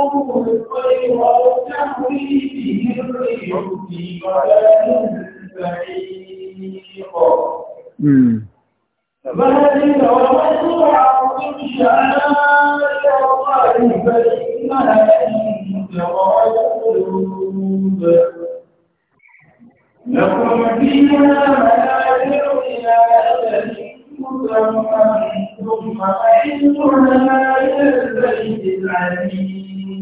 لهم الخير وتحويله الريح في ضلال بعيق فذلك ومن يعظم شعائر الله فإنها من شرائع القلوب لكم فيها منافع إلى أجل مسمى ثم عندنا إلى البيت العتيق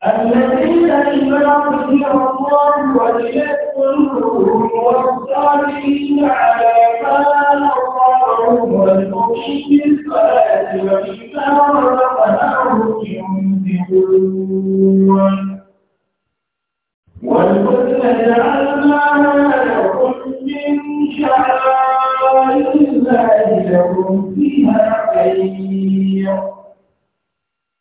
الذين إذا ذكر الله وجلت قلوبهم والصابرين على ما أصابهم والمقيم الصلاة وإذا رزقناهم ينفقون والبدن جعلناها لكم من شعائر الله لكم فيها خير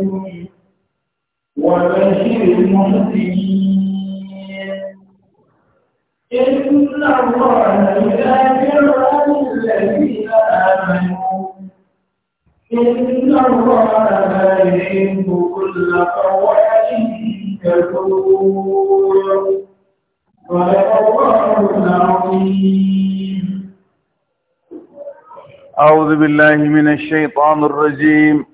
العالمين وبشر المحسنين إن الله يذاكر عن الذين آمنوا إن الله لا يحب كل قوات كفور صدق الله العظيم أعوذ بالله من الشيطان الرجيم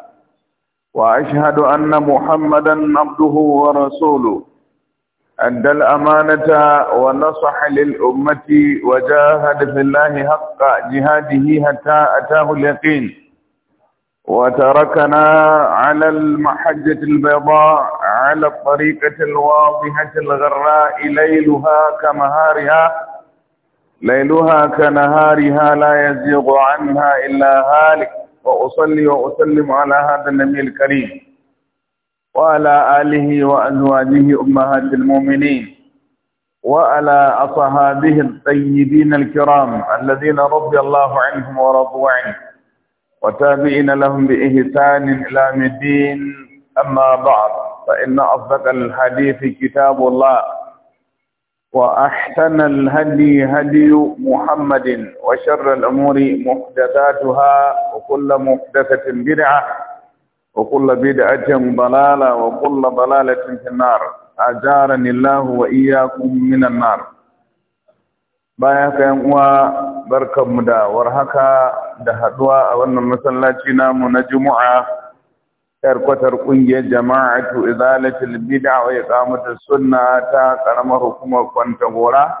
وأشهد أن محمدا عبده ورسوله أدى الأمانة ونصح للأمة وجاهد في الله حق جهاده حتى أتاه اليقين وتركنا على المحجة البيضاء على الطريقة الواضحة الغراء ليلها كمهارها ليلها كنهارها لا يزيغ عنها إلا هالك وأصلي وأسلم على هذا النبي الكريم وعلى آله وأزواجه أمهات المؤمنين وعلى أصحابه الطيبين الكرام الذين رضي الله عنهم ورضوا عنه وتابعين لهم بإحسان إلى الدين أما بعد فإن أصدق الحديث كتاب الله وأحسن الهدي هدي محمد وشر الأمور محدثاتها وكل محدثة بدعة وكل بدعة ضلالة وكل ضلالة في النار أجارني الله وإياكم من النار baya ka yan uwa barkanmu da warhaka da haduwa a wannan masallaci namu na juma'a yarkwatar ƙungiyar jama'atu izalatul bid'a wa iqamatus sunna ta karamar hukumar kwanta gora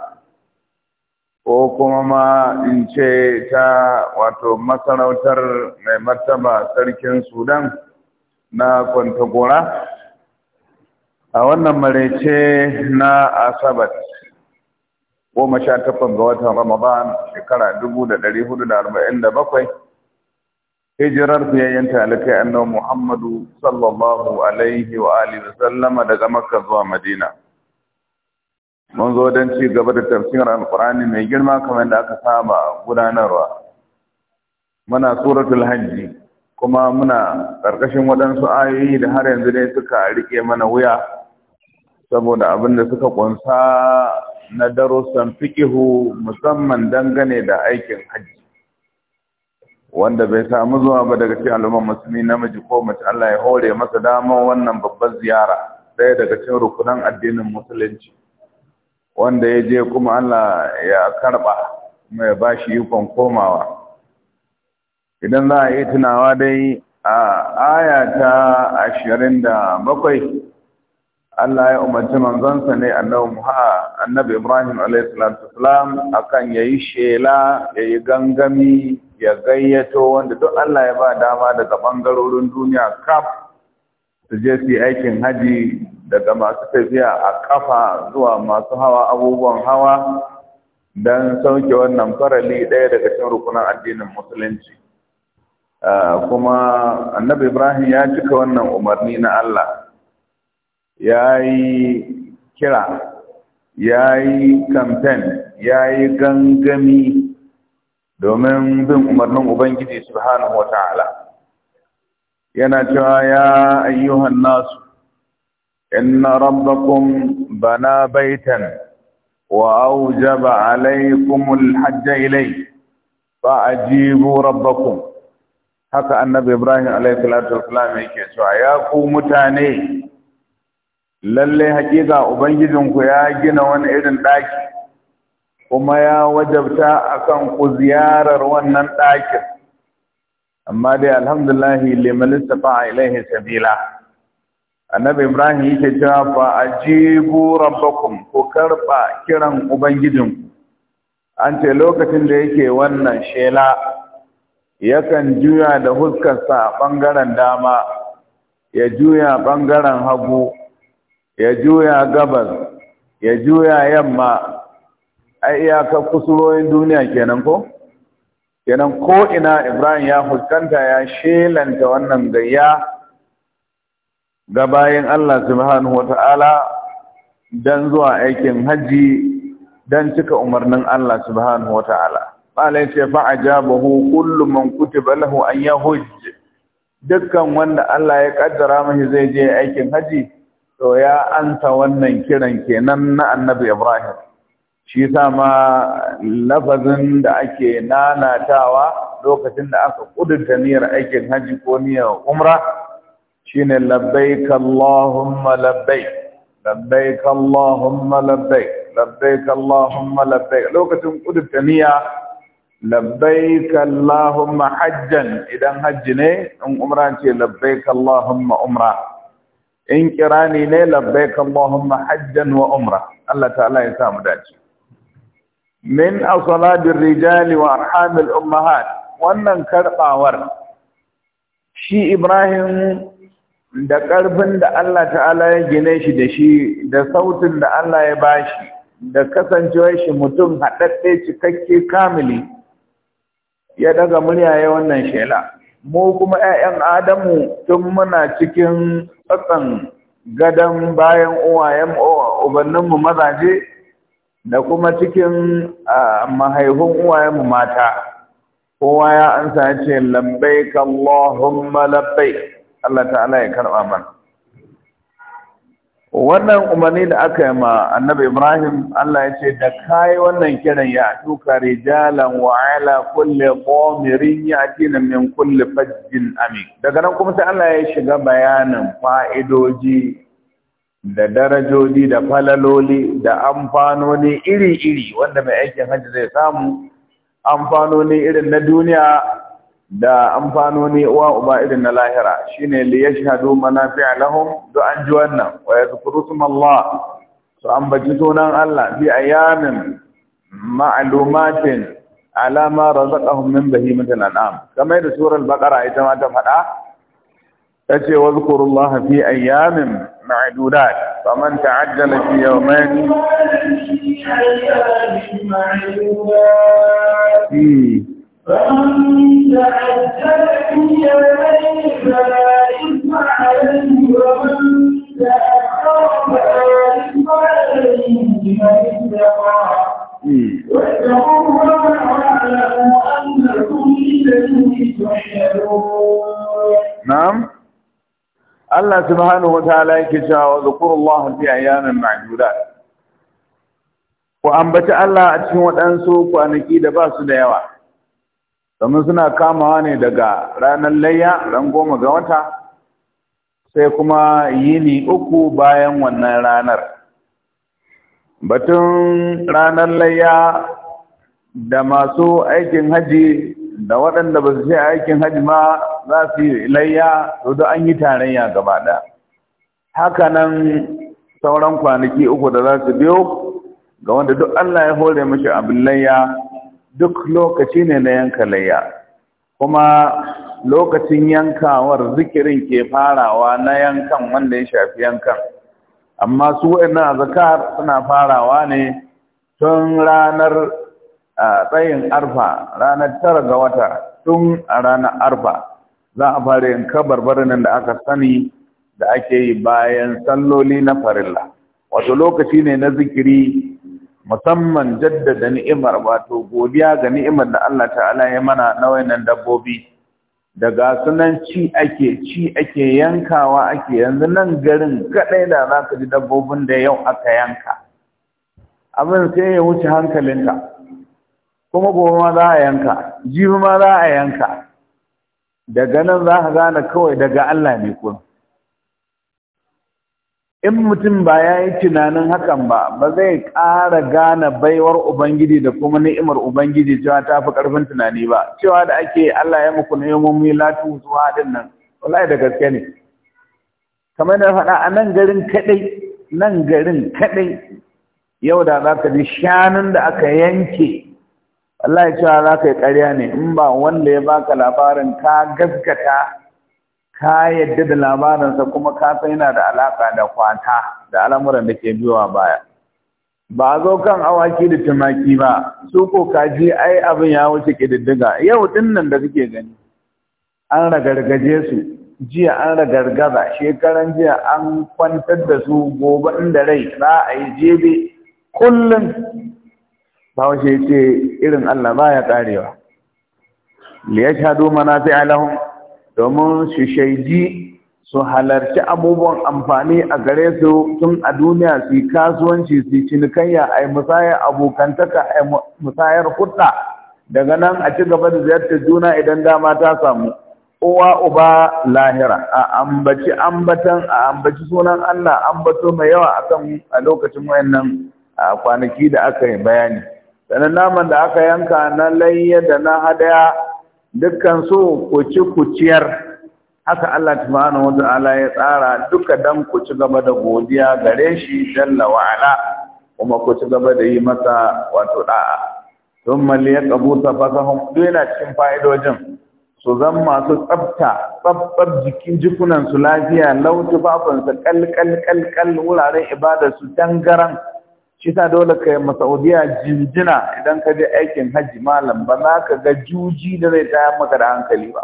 ko kuma ma in ce ta wato masarautar mai martaba sarkin sudan na kwanta gora a wannan marece na asabar goma sha takwas ga watan ramadan shekara dubu da ɗari hudu da arba'in da bakwai hijirar fiyayyen talikai annabi Muhammadu sallallahu alaihi wa alihi sallama daga Makka zuwa Madina. Mun zo don ci gaba da tafsirin Alƙur'ani mai girma kamar da aka saba gudanarwa. Muna suratul Hajji kuma muna ƙarƙashin waɗansu ayoyi da har yanzu ne suka riƙe mana wuya saboda abin da suka ƙunsa na darussan fikihu musamman dangane da aikin hajji. wanda bai samu zuwa ba daga cikin al'umman musulmi namiji ko mace Allah ya hore masa damar wannan babbar ziyara ɗaya daga cikin rukunan addinin musulunci wanda ya je kuma Allah ya karɓa kuma ya bashi ikon komawa idan za a yi tunawa dai a aya ta ashirin da bakwai Allah ya umarci manzansa ne annabi annabi Ibrahim alaihissalam akan yayi shela yayi gangami ya gayyato wanda duk Allah ya ba dama daga bangarorin duniya kaf su je su aikin haji daga masu tafiya a kafa zuwa masu hawa abubuwan hawa don sauke wannan farali ɗaya daga cikin rukunan addinin musulunci ah, kuma annabi Ibrahim ya cika wannan umarni na Allah ya yi kira ya yi kamfen ya yi gangami domin bin umarnin ubangiji subhanahu wa ta'ala yana cewa ya ayyuhan nasu inna rabbakum bana baitan wa aujaba alaikumul hajja ba fa ajibu rabbakum haka annabi ibrahim alaihi salatu wassalam yake cewa ya ku mutane lalle hakika ku ya gina wani irin ɗaki kuma ya wajabta akan ku ziyarar wannan ɗakin amma dai alhamdulillah liman istafa ilaihi sabila annabi ibrahim yake cewa fa ajibu rabbakum ku karba kiran ubangijin an ce lokacin da yake wannan shela yakan juya da huskarsa ɓangaren dama ya juya ɓangaren hagu ya juya gabas ya juya yamma ai iyakar kusurorin duniya kenan ko kenan ko ina ibrahim ya fuskanta ya shelanta wannan gayya ga bayan allah subhanahu Ta'ala don zuwa aikin hajji don cika umarnin allah subhanahu ta’ala ɓalai ce fa'ajabahu kullum man kutiba lahu an ya hujji dukkan wanda allah ya kaddara mashi zai je aikin hajji to ya anta wannan kiran kenan na annabi ibrahim shi ma lafazin da ake nanatawa lokacin da aka kudurta niyyar aikin hajji ko niyyar umra shine labbaik allahumma labbaik labbaik allahumma labbaik labbaik allahumma labbaik lokacin kudurta niyya labbaik allahumma hajjan idan hajji ne in umra ce labbaik allahumma umra in ni ne labbaik Allahumma hajjan wa umra Allah ta'ala ya sa dace min asaladir rijali wa arhamil ummahat wannan karbawar shi Ibrahim da karfin da Allah ta'ala ya gine shi da shi da sautin da Allah ya bashi da kasancewar shi mutum haɗaɗɗe cikakke kamili ya daga murya ya wannan shela mu kuma ‘ya'yan Adamu tun muna cikin tsatsan gadon bayan uwayen ubanninmu mazaje da kuma cikin uwayen uwayenmu mata. Kowa ya ansa ce, Lambai, Allahumma malabai. Allah ta'ala ya karɓa mana. wannan umarni da aka yi ma annabi ibrahim allah ya ce da kayi wannan kiran ya tuka rijalan wa ala kulli qamirin yatina min kulli fajjin amin daga nan kuma sai allah ya shiga bayanin fa'idoji da darajoji da falaloli da amfanoni iri-iri wanda mai aikin hajji zai samu amfanoni irin na duniya da amfanoni uwa uba irin na lahira shine li yashhadu manafi'a lahum do an ji wannan wa yadhkurukum Allah su ambaci sunan Allah bi ayamin ma'lumatin ala ma razaqahum min bahimatil an'am kamar da surar baqara ita ma ta faɗa tace wa zkurullaha fi ayamin ma'dudat faman ta'ajjala fi yawmayn hmm. fi تعجل في يمين فلا إثم عليه ومن تأخر فلا إثم عليه من اتقى واتقوا الله واعلموا أنكم إليه تحشرون نعم Allah subhanahu wataala yake cewa zkurullaha a ayyamin ma'dudat ku ambaci Allah a cikin waɗansu kwanaki da ba su da yawa domin suna kamawa ne daga ranar layya ran goma ga wata sai kuma yini uku bayan wannan ranar batun ranar layya da masu aikin haji da waɗanda ba su aikin haji ma za su yi layya da an yi tarayya gaba ɗaya haka nan sauran kwanaki uku da za su biyo ga wanda duk Allah ya hore mashi abin layya duk lokaci ne na yanka layya kuma lokacin yankawar zikirin ke farawa na yankan wanda ya shafi yankan amma su waɗannan azkar suna farawa ne tun ranar tsayin arfa ranar tara ga wata tun a ranar arfa za a fara yin kabarbarin da aka sani da ake yi bayan salloli na farilla wato lokaci ne na zikiri musamman jaddada ni'imar wato godiya ga ni'imar da Allah ta'ala ya mana na wayannan dabbobi daga sunan ci ake ci ake yankawa ake yanzu nan garin kadai da za ka ji dabbobin da yau aka yanka abin sai ya wuce hankalinka kuma gobe ma za a yanka jibi ma za a yanka daga nan za ka gane kawai daga Allah ne kuma in mutum ba ya yi tunanin hakan ba ba zai ƙara gane baiwar ubangiji da kuma ni'imar ubangiji cewa ta fi ƙarfin tunani ba cewa da ake Allah ya muku ni'imomi latu zuwa din nan wallahi da gaske ne kamar da faɗa a nan garin kaɗai nan garin kaɗai yau da za ka ji shanun da aka yanke wallahi cewa za ka yi ƙarya ne in ba wanda ya baka labarin ka gaskata ka yadda da labaransa kuma ka yana da alaƙa da kwata da al'amuran da ke biyowa baya ba a zo kan awaki da tumaki ba su ko kaji ai abin ya wuce ƙididdiga yau din nan da suke gani an ragargaje su jiya an ragargaza shekaran jiya an kwantar da su gobe inda rai za a yi jebe kullum wace ce irin allah ba ya ƙarewa liyashhadu manafi'a alahun domin su shaidi su halarci abubuwan amfani a gare su tun a duniya su kasuwanci su cinikayya a musayar abokantaka a musayar hudda daga nan a ci gaba da ziyartar juna idan dama ta samu uwa uba lahira a ambaci ambatan a ambaci sunan Allah ambato mai yawa akan a lokacin wayannan kwanaki da aka yi bayani sannan naman da aka yanka na layya da na hadaya dukkan su ku ci haka Allah subhanahu wata'ala ya tsara duka dan ku ci gaba da godiya gare shi jalla wa kuma ku ci gaba da yi masa wato da'a don malli ya kabuta fasahun duk yana cikin fa'idojin su zan masu tsafta tsabtsab jikin jikunan su lafiya lautu babansa kalkal kalkal wuraren ibada su tangaran shi dole ka yi masaudiya jinjina idan ka je aikin hajji malam ba za ka ga juji da zai taya maka da hankali ba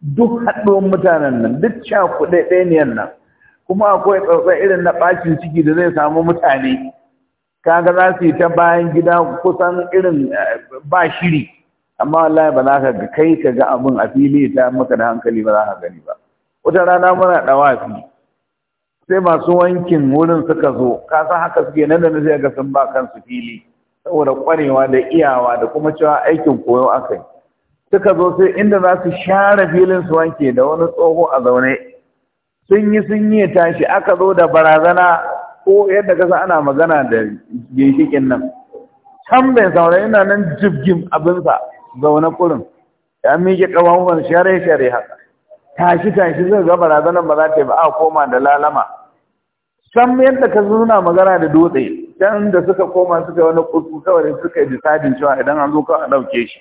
duk haɗuwan mutanen nan duk kuɗe ɗaniyan nan kuma akwai tsatsa irin na ɓacin ciki da zai samu mutane kaga za su yi ta bayan gida kusan irin eh, ba shiri amma wallahi ba za ka ga kai ka ga abin a fili ta maka da hankali ba za ka gani ba wata rana muna ɗawafi sai masu wankin wurin suka zo kasan haka suke nan da zai ga sun ba kansu fili saboda kwarewa da iyawa da kuma cewa aikin koyo aka yi suka zo sai inda za su share filin su wanke da wani tsoho a zaune sun yi sun yi tashi aka zo da barazana ko yadda kasa ana magana da ginshikin nan can bai saurari yana nan jibgin abinsa zaune kurin ya miƙe ƙafafuwan share-share haka tashi tashi zai ga barazanar ba za ta yi ba a koma da lalama san yadda ka nuna magana da dutse can da suka koma suka yi wani kusu kawai suka yi disadin cewa idan an zo kawai a ɗauke shi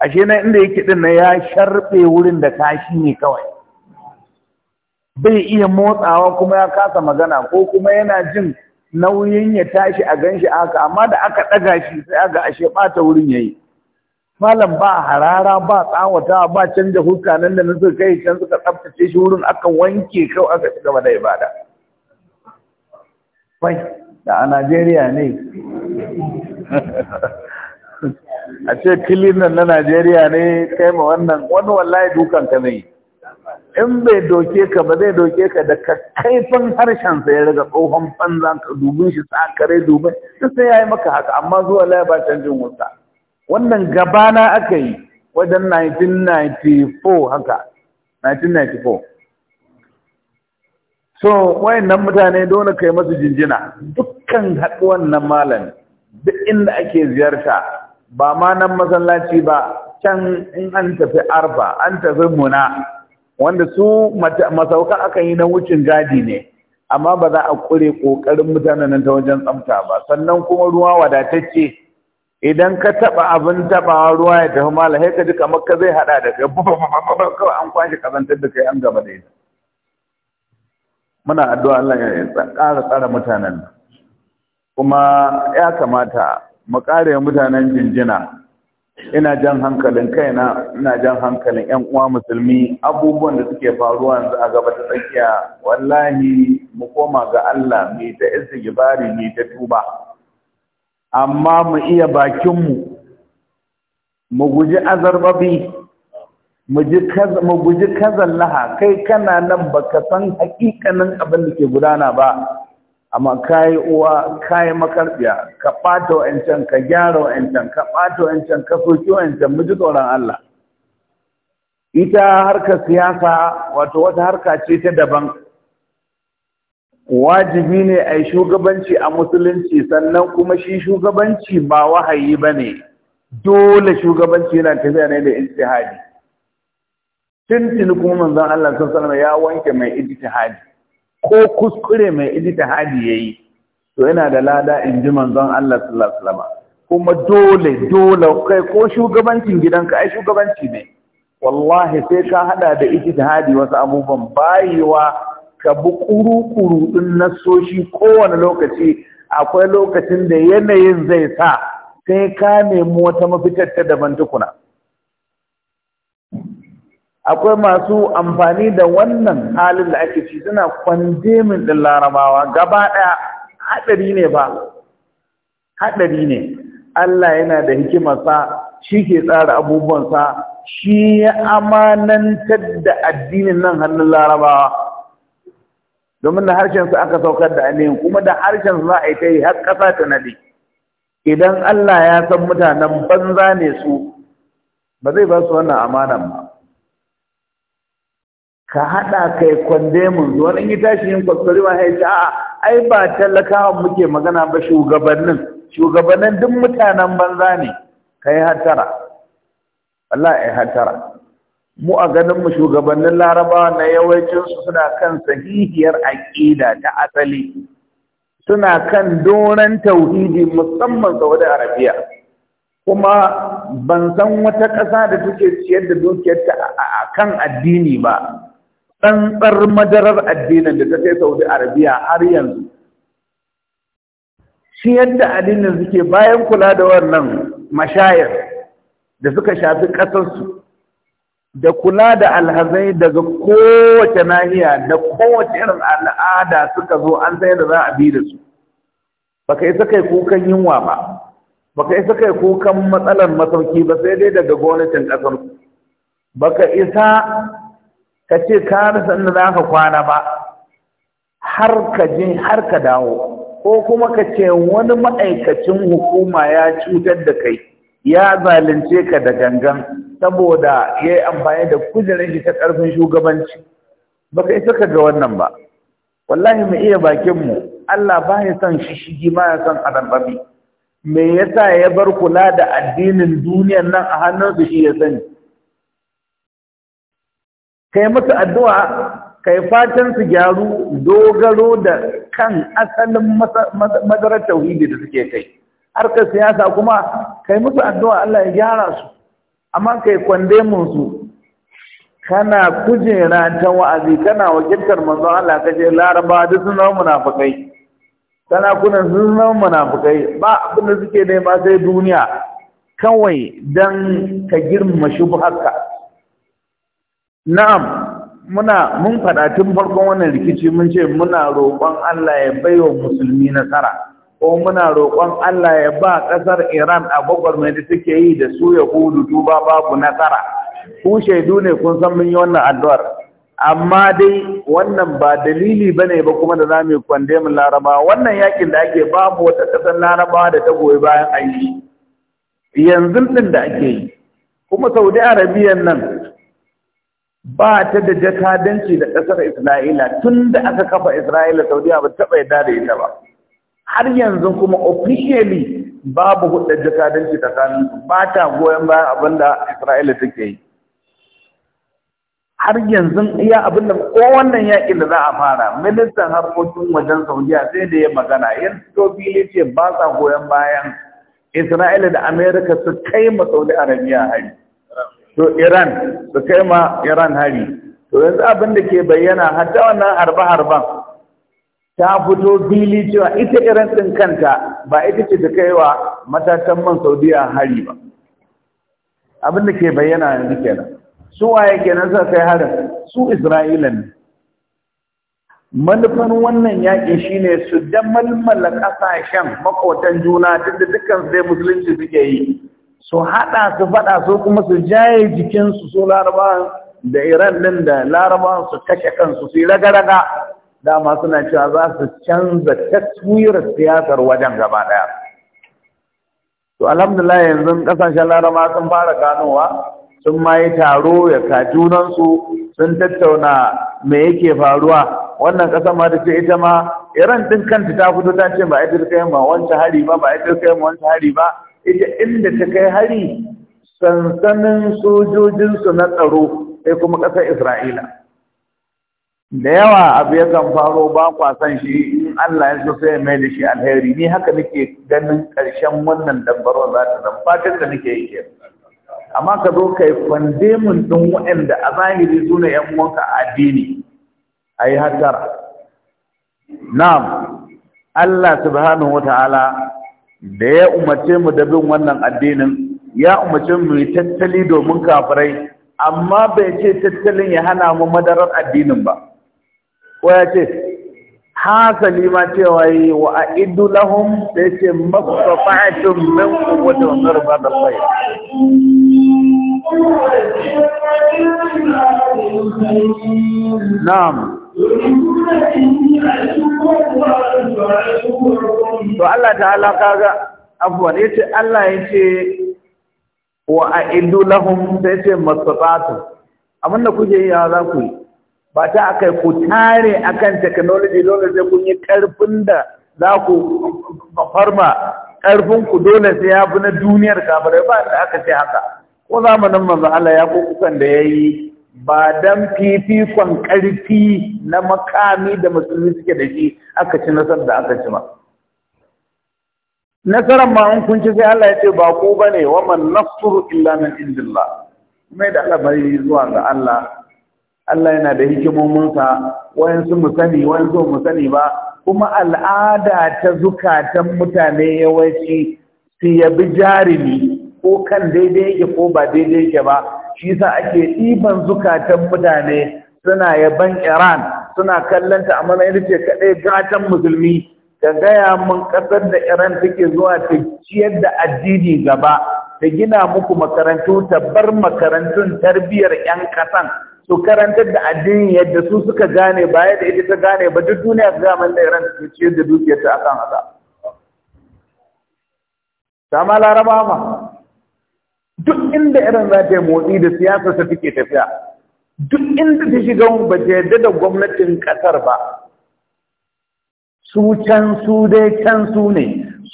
ashe na inda yake din na ya sharɓe wurin da tashi ne kawai bai iya motsawa kuma ya kasa magana ko kuma yana jin nauyin ya tashi a ganshi aka amma da aka ɗaga shi sai aga ashe ɓata wurin ya yi. malam ba harara ba tsawata ba canja huska nan da nasu kai can suka tsaftace shi wurin aka wanke kau aka ci gaba da ibada fai da a Najeriya ne a ce kilin nan na Najeriya ne kai ma wannan wani wallahi dukan ka ne in bai doke ka ba zai doke ka da kakkaifin harshen sa ya riga tsohon banza ka dubin shi tsakarai dubin duk sai ya yi maka haka amma zuwa laya ba canjin wuta wannan gabana aka yi wajen 1994 haka 1994 so wayannan mutane dole kai masu jinjina dukkan haɗuwan nan malam duk inda ake ziyarta ba ma nan masallaci ba can in an tafi arba, an tafi muna wanda su masauka aka yi na wucin gadi ne amma ba za a kure ƙoƙarin mutanen nan ta wajen tsamta ba sannan kuma ruwa wadatacce idan ka taba abin taba ruwa ya tafi mala sai ka ji kamar ka zai haɗa da kai kawai an kwashe kazantar da kai an gaba da ita muna addu'a Allah ya tsara tsara mutanen kuma ya kamata mu kare mutanen jinjina ina jan hankalin kaina ina jan hankalin 'yan uwa musulmi abubuwan da suke faruwa yanzu a gaba ta tsakiya wallahi mu koma ga Allah mu ta gibari, mu ta tuba amma mu iya bakinmu mu guji azarbabi mu guji kazan laha kai kana nan baka san hakikanin abin da ke gudana ba amma kayi uwa kayi makarbiya ka ɓata wa'ancan ka gyara wa'ancan ka ɓata wa'ancan ka soki wa'ancan mu ji tsoron Allah ita harkar siyasa wato wata harka ce ta daban wajibi ne a yi shugabanci a musulunci sannan kuma shi shugabanci ba wahayi ba ne dole shugabanci yana tafiya ne da ijtihadi tuntuni kuma manzon Allah sallallahu ya wanke mai ijtihadi ko kuskure mai ijtihadi yayi to yana da lada in ji manzon Allah sallallahu alaihi kuma dole dole kai ko shugabancin gidanka ai shugabanci ne wallahi sai ka hada da ijtihadi wasu abubuwan bayiwa ka bi kuru-kuru ɗin nasoshi kowane lokaci akwai lokacin da yanayin zai sa sai ka nemi wata mafitar ta daban tukuna akwai masu amfani da wannan halin da ake ci suna min ɗin larabawa gaba ɗaya haɗari ne ba haɗari ne Allah yana da hikimarsa shi ke tsara abubuwansa shi ya amanantar da addinin nan hannun larabawa domin da harshen su aka saukar da ainihin kuma da harshen su za a yi ta yi har ƙasa ta nade idan Allah ya san mutanen banza ne su ba zai ba su wannan amanan ba ka haɗa kai kwandemin zuwa in yi tashi yin kwaskwari ma haici a ai ba talakawa muke magana ba shugabannin shugabannin duk mutanen banza ne ka yi hattara Allah ya hattara mu a ganin mu shugabannin larabawa na yawancinsu suna kan sahihiyar aƙida ta asali suna kan doran tauhidi musamman saudi arabiya kuma ban san wata ƙasa da take ciyar da dukiyarta a kan addini ba tsantsar madarar addinin da ta kai saudi arabiya har yanzu shi yadda addinin suke bayan kula da wannan mashayar da suka shafi ƙasarsu da kula da alhazai daga kowace nahiya da kowace irin al'ada suka zo an sai da za a bi da su ba ka yi sakai kukan yunwa ba ba ka yi sakai kukan matsalar masauki ba sai dai daga gwamnatin ƙasar ku ka isa ka ce ka rasa inda za ka kwana ba har ka je har ka dawo ko kuma ka ce wani ma'aikacin hukuma ya cutar da kai ya zalunce ka da gangan saboda ya yi amfani da kujerar shi ta ƙarfin shugabanci ba ka isa ka ga wannan ba wallahi mu iya bakinmu Allah ba ya son shishigi ma ya san arambabi me yasa ya bar kula da addinin duniyan nan a hannun su shi ya sani kai musu addu'a kai fatan su gyaru dogaro da kan asalin madarar tauhidi da suke kai harkar siyasa kuma kai musu addu'a Allah ya gyara su amma kai kwande su kana kujera ta wa'azi kana wakiltar manzon Allah ce laraba da sun zama kana kunan sun zama ba abin da suke nema sai duniya kawai don ka girma haka. na'am muna mun faɗa tun farkon wannan rikici mun ce muna roƙon Allah ya baiwa musulmi nasara ko muna roƙon Allah ya ba ƙasar Iran a mai da suke yi da su Yahudu duba babu nasara ku shaidu ne kun san mun yi wannan addu'ar amma dai wannan ba dalili ba ne ba kuma da za mu kwande mu Laraba wannan yakin da ake babu wata ƙasar Larabawa da ta goyi bayan aiki yanzu ɗin da ake yi kuma Saudi Arabiyan nan ba ta da jakadanci da ƙasar Isra'ila tun da aka kafa Isra'ila Saudiya ba taɓa yarda da ita ba har yanzu kuma officially babu hudda jakadanci tsakanin ba ta goyon bayan abin da Isra'ila take yi har yanzu iya abin da kowannan yakin da za a fara ministan harkokin wajen Saudiya sai da ya magana yan to fili ce ba sa goyon bayan Isra'ila da Amerika su kai ma Saudi arabiya hari to Iran su kai ma Iran hari to yanzu abin da ke bayyana hatta wannan harba-harban ta fito fili cewa ita iran ɗin kanta ba ita ce ta kaiwa matakan man saudiya hari ba abin da ke bayyana yanzu kenan su waye kenan suka kai harin su isra'ila ne manufan wannan yaƙi shine su malmala ƙasashen makotan juna duk da dukkan sai musulunci suke yi su haɗa su faɗa su kuma su jaye jikinsu su larabawan da iran ɗin da larabawan su kashe kansu su yi raga-raga dama suna cewa za su canza taswirar siyasar wajen gaba daya to alhamdulillah yanzu kasashen laraba sun fara ganowa sun ma yi taro ya ka junansu sun tattauna me yake faruwa wannan ƙasa ma da ce ita ma iran din kanta ta fito ta ce ba ita kai ma wancan hari ba ba ita kai ma wancan hari ba ita inda ta kai hari sansanin sojojinsu na tsaro sai kuma ƙasar isra'ila da yawa abu yakan faro ba kwa san shi in Allah ya so sai mai da shi alheri ni haka nake ganin karshen wannan dambarwa za ta zan fatan da nake yi ke amma ka zo kai mun ɗin waɗanda a zahiri su ‘yan uwanka a addini a yi na'am Allah subhanahu wa ta'ala da ya umarce mu da bin wannan addinin ya umarce mu yi tattali domin kafirai amma bai ce tattalin ya hana mu madarar addinin ba ko ya ce hasali ma cewa yi wa a idu lahum da ya ce mafafa'atun min kuwata wani rufa da tsaye na'am to Allah ta'ala kaga abuwan ya ce Allah ya ce wa a idu lahum da ya ce mafafa'atun abinda kuke yi ya za ku yi ba ta yi ku tare a kan teknoloji dole sai kun yi karfin da za ku farma karfin ku dole sai ya fi na duniyar kafirai ba da aka ce haka ko zamanin manzo Allah ya kukan da ya yi ba dan fifikon karfi na makami da musulmi suke da shi aka ci nasar da aka ci ba nasarar ma in kun sai Allah ya ce ba ku bane wa man nasru illa min indillah mai da Allah bai zuwa ga Allah Allah yana da hikimominsa wayansu mu sani wayansu mu sani ba kuma al'ada ta zukatan mutane yawanci su yabi jarumi ko kan daidai yake ko ba daidai yake ba shi yasa ake ɗiban zukatan mutane suna yaban Iran suna kallanta a matsayin ce kaɗai gatan musulmi ka gaya mun ƙasar da Iran take zuwa ta ciyar da addini gaba ta gina muku makarantu ta bar makarantun tarbiyyar 'yan ƙasan su karantar da addini yadda su suka gane ba yadda ita ta gane ba duk duniya ta zaman da iran su ciyar da dukiyar ta akan haka sama laraba ma duk inda iran za ta yi motsi da siyasa ta take tafiya duk inda ta shiga ba ta yadda da gwamnatin kasar ba su can su dai can su ne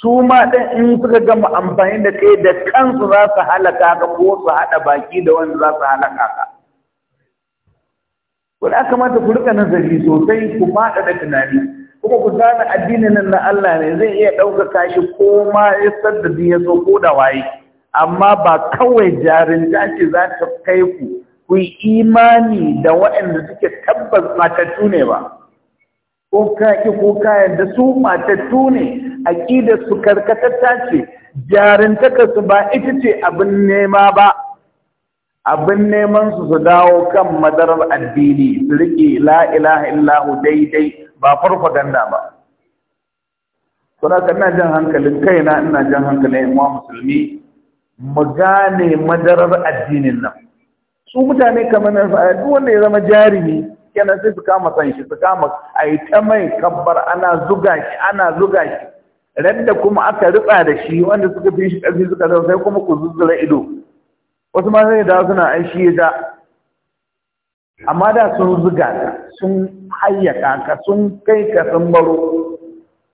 su ma ɗan in suka gama amfani da kai da kansu za su halaka ka ko su haɗa baki da wanda za su halaka ka ko da kamata ku rika nazari sosai ku faɗa da tunani kuma ku gane addinin nan na Allah ne zai iya ɗaukaka shi ko ma ya da zai so ko da waye amma ba kawai jarinta ce za ta kai ku ku yi imani da waɗanda suke tabbas matattu ne ba ko ki ko kayan da su matattu ne aƙidar su karkatatta ce jarintakarsu ba ita ce abin nema ba abin neman su su dawo kan madarar addini su rike la ilaha illahu daidai ba farfaganda ba saboda ina jan hankalin kaina ina jan hankalin yan musulmi mu gane madarar addinin nan su mutane kamar nan duk wanda ya zama jarimi kenan sai su kama san shi su kama a yi ta mai kabbar ana zuga shi ana zuga shi Randa kuma aka ritsa da shi wanda suka fi shi ƙarfi suka zama sai kuma ku zuzzura ido wasu ma sai da suna ai shi da amma da sun zuga sun hayyaka ka sun kai ka sun baro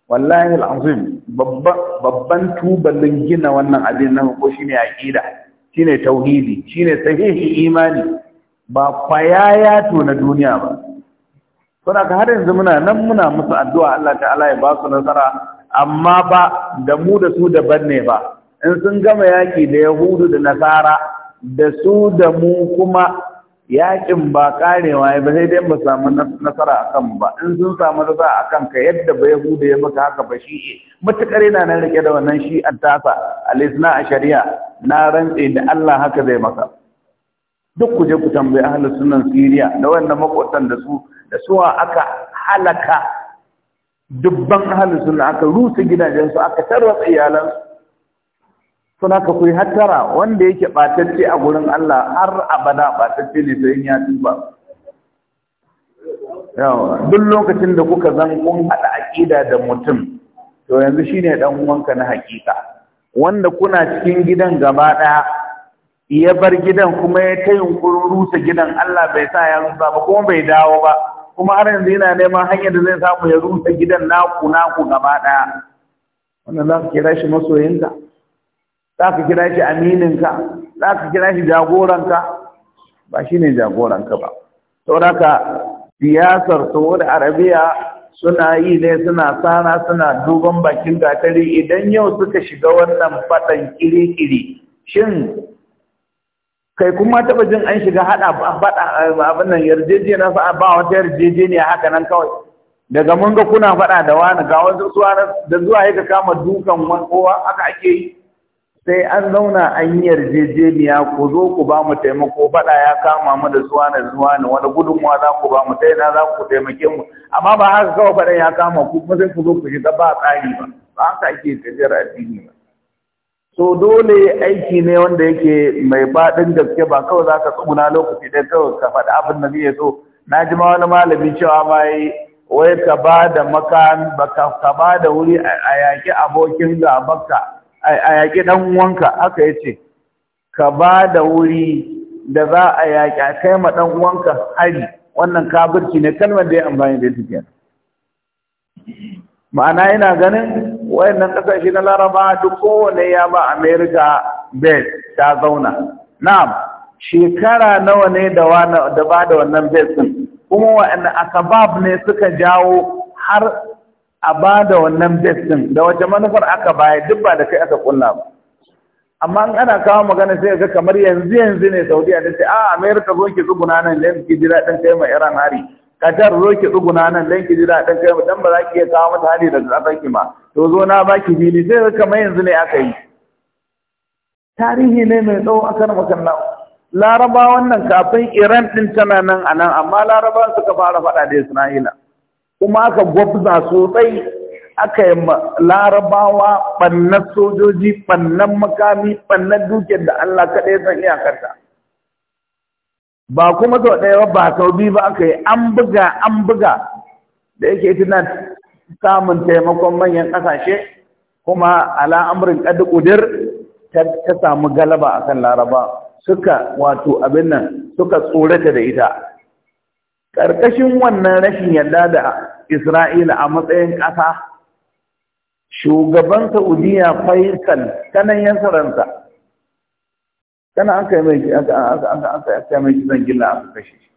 wallahi al'azim babban tubalin gina wannan abin nan ko shine aqida shine tauhidi shine sahihi imani ba fayaya to na duniya ba saboda ka har yanzu muna nan muna musu addu'a Allah ta'ala ya ba su nasara amma ba da mu da su daban ne ba in sun gama yaki da yahudu da nasara da su da mu kuma yaƙin ba ƙarewa ya ba sai dai ba samu nasara a kanmu ba in sun samu nasara a kanka yadda ba yahuda ya maka haka ba shi matukar yana nan rike da wannan shi an tasa alisna a shari'a na rantse da Allah haka zai maka duk kuje ku tambayi ahli sunan Siriya, da wannan makotan da su da suwa aka halaka dubban ahli sunna aka rusa gidajensu aka tarwatsa iyalansu suna ka kuyi hattara wanda yake ɓatacce a gurin Allah har abada ɓatacce ne sai ya tuba duk lokacin da kuka zan kun haɗa aƙida da mutum to yanzu shine ɗan uwanka na haƙiƙa wanda kuna cikin gidan gaba ɗaya ya bar gidan kuma ya ta yunƙurin rusa gidan Allah bai sa ya rusa ba kuma bai dawo ba kuma har yanzu yana neman hanyar da zai samu ya rusa gidan naku naku gaba ɗaya wannan za ka kira shi masoyinka za ka kira shi amininka za ka kira shi jagoranka ba shi ne jagoranka ba sauraka siyasar wani arabiya suna yi ne suna tsara suna duban bakin gatari idan yau suka shiga wannan faɗan kiri-kiri shin kai kuma taɓa jin an shiga haɗa abin nan yarjejeniya ba wata yarjejeniya haka nan kawai daga mun ga kuna faɗa da wani ga wasu da zuwa ya kama dukan kowa haka ake yi sai an zauna an yi yarjejeniya ku zo ku ba mu taimako faɗa ya kama mu da zuwa na zuwa ne wani gudunmuwa za ku ba mu sai na za ku taimake mu amma ba haka kawai faɗa ya kama ku kuma sai ku zo ku shiga ba tsari ba ba haka ake tafiyar addini ba so dole aiki ne wanda yake mai faɗin gaske ba kawai za ka tsuguna lokaci ɗaya kawai ka faɗi abin da zai so na ji ma wani malami cewa ma wai ka ba da makan ba ka ba da wuri a yaƙi abokin gabanka a yaƙi ɗan uwanka haka ya ce ka ba da wuri da za a yaƙi a kai ma ɗan uwanka hari wannan kafirci ne kalmar da ya amfani da ita kenan ma'ana yana ganin wayannan kasashe na laraba duk kowane ya ba america bet ta zauna na'am shekara nawa ne da ba da wannan bet kuma wa'anda asabab ne suka jawo har a ba da wannan bes da wace manufar aka baya duk ba da kai aka kunna ba amma in ana kawo magana sai ga kamar yanzu yanzu ne saudiya ta ce a america zo ki tsuguna nan dan ki jira dan kai ma iran hari qatar zo ki tsuguna nan dan ki jira dan kai ma dan ba za ki iya kawo mata hari daga kasar ki ma to zo na baki fili sai ga kamar yanzu ne aka yi tarihi ne mai tsawo akan makallan larabawan nan kafin iran din tana nan anan amma larabawan suka fara faɗa da isra'ila kuma aka gwabza sosai aka yi larabawa ɓannan sojoji ɓannan makami ɓannan dukiyar da Allah kaɗai san iyakarta ba kuma sau ɗaya ba ba sau biyu ba aka yi an buga an buga da yake tana samun taimakon manyan ƙasashe kuma al'amurin ƙadda ƙudur, ta samu galaba akan laraba suka wato abin nan suka tsorata da ita ƙarƙashin wannan rashin yadda da Isra'ila a matsayin ƙasa, shugaban Saudiya Faisal kanan yan saransa, kana an kai mai kisan gilla a kashe shi,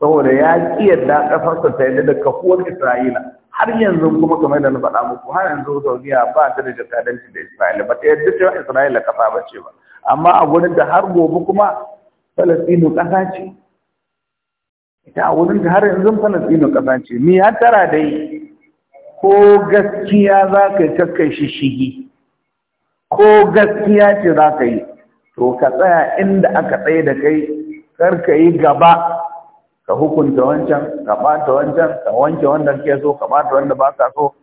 saboda ya ƙi yadda ƙasarsa ta yadda da kafuwar Isra'ila. Har yanzu kuma kamar da na faɗa muku, har yanzu Saudiya ba ta da jakadanci da Isra'ila, ba ta yadda cewa Isra'ila ƙasa ba ce ba, amma a gurin da har gobe kuma Falasɗinu ƙasa ce. ita a wurin da har yanzu falastinu ƙasa ce mi ya tara dai ko gaskiya za ka yi kakkai shishigi ko gaskiya ce za ka yi to ka tsaya inda aka tsaye da kai kar ka yi gaba ka hukunta wancan ka ɓata wancan ka wanke wanda ke so ka ɓata wanda ba ka so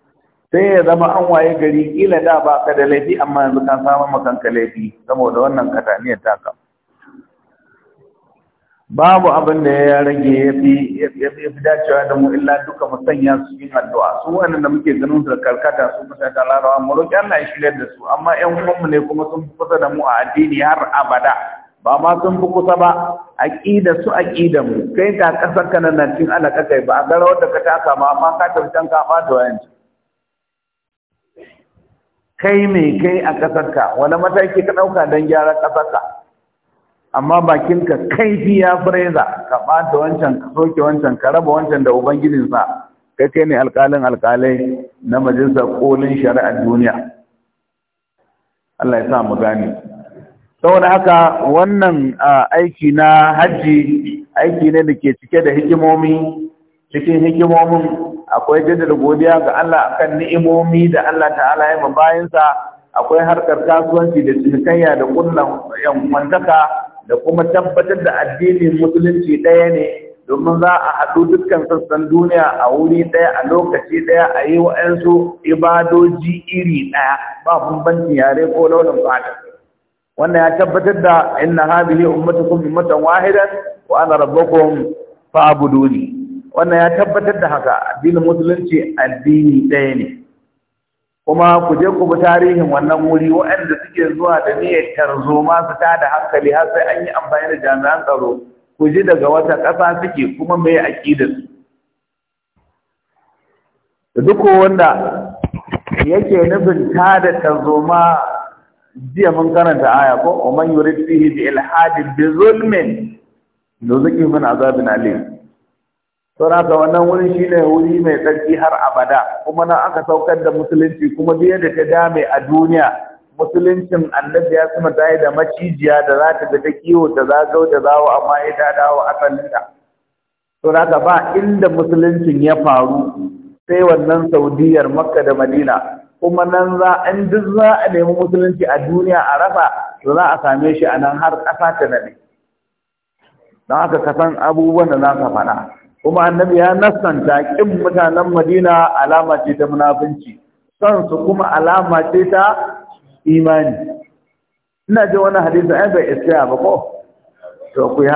sai ya zama an waye gari kila da ba ka da laifi amma yanzu ka samu makanka laifi saboda wannan kataniyar taka babu abin da ya rage ya fi dacewa da mu illa duka mu sanya su yin addu'a su wannan da muke ganin da karkata su kusa ta larawa mu roƙi Allah ya shirya da su amma ƴan mu ne kuma sun fi kusa da mu a addini har abada ba ma sun fi kusa ba aqida su aqida mu kai ka kasar kana nan cin alaka kai ba a ga rawar da ka taka ma amma ka tafi ka ba da wayanci kai mai kai a kasar ka wani mataki ka dauka dan gyara kasar ka amma bakinka kaifi ya fureza ka ɓata wancan ka soke wancan ka raba wancan da ubangijinsa kai kai ne alƙalin alƙalai na majalisar kolin shari'ar duniya Allah ya sa mu gane saboda haka wannan aiki na hajji aiki ne da ke cike da hikimomi cikin hikimomin akwai jaddada godiya ga Allah kan ni'imomi da Allah ta'ala ya bayansa akwai harkar kasuwanci da cinikayya da kullum yan wantaka da kuma tabbatar da addinin musulunci ɗaya ne domin za a haɗu dukkan sassan duniya a wuri ɗaya a lokaci ɗaya a yi wa'ansu ibadoji iri ɗaya ba bambancin yare ko launin fata wannan ya tabbatar da inna hadhihi ummatukum ummatan wahidan wa ana rabbukum fa'buduni wannan ya tabbatar da haka addinin musulunci addini ɗaya ne kuma ku je ku bi tarihin wannan wuri waɗanda suke zuwa da niyyar tarzoma su ta da hankali har sai an yi amfani da jami'an tsaro ku ji daga wata ƙasa suke kuma mai aƙidar su duk wanda yake nufin ta da tarzoma jiya mun karanta aya ko man yurid fihi bi ilhadin bi zulmin nuzuqi min azabin alim ga wannan wurin shine wuri mai tsarki har abada kuma nan aka saukar da musulunci kuma duk da ta dame a duniya musuluncin annabi ya sama tayi da macijiya da za ta ta kiwo da zagau da zawo amma ya ta dawo asalinta sauraka ba inda musuluncin ya faru sai wannan saudiyar makka da madina kuma nan za in duk za a nemi musulunci a duniya a rasa to za a same shi a nan har ƙasa ta naɗe don haka ka san abubuwan da za ka faɗa kuma annabi ya nasanta kin mutanen Madina alama ce ta munafunci san su kuma alama ce ta imani ina ji wani hadisi ai bai iska ba ko to ku yi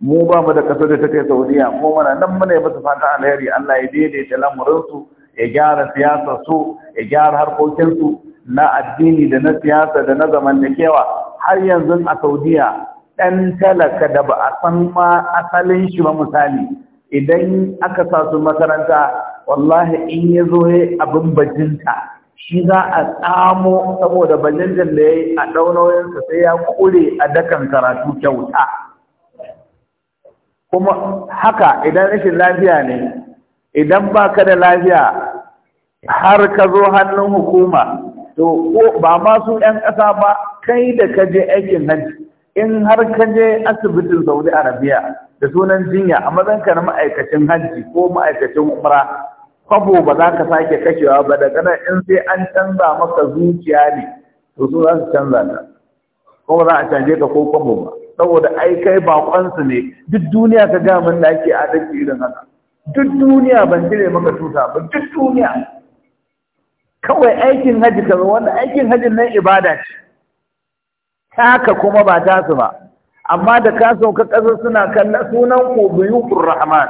mu ba mu da kaso da take Saudiya mu mana nan muna yi musu fata alheri Allah ya daidaita lamurin su ya gyara siyasa su ya gyara harkokin su na addini da na siyasa da na zamantakewa har yanzu a Saudiya ɗan talaka da ba a san ma asalin shi ba misali idan aka sa su makaranta wallahi in ya zo ya abin bajinta shi za a tsamo saboda bajintan da ya yi a ɗaunayensa sai ya kure a dakan karatu kyauta kuma haka idan rashin lafiya ne idan baka da lafiya har ka zo hannun hukuma to ba ma su 'yan ƙasa ba kai da ka je aikin hajji in har ka je asibitin saudi arabia da sunan jinya a matsayin ma'aikacin hajji ko ma'aikacin umra kwabo ba za ka sake kashewa ba daga nan in sai an canza maka zuciya ne to su za su canza ta ko za a canje ka ko kwabo ba saboda ai kai bakonsu ne duk duniya ka ga mun da ake adalci irin haka duk duniya ban cire maka tuta ba duk duniya kawai aikin haji kaza wanda aikin hajin nan ibada ce taka kuma ba tasu ba amma da ka sauka ƙasa suna kalla sunan ubiyukur rahman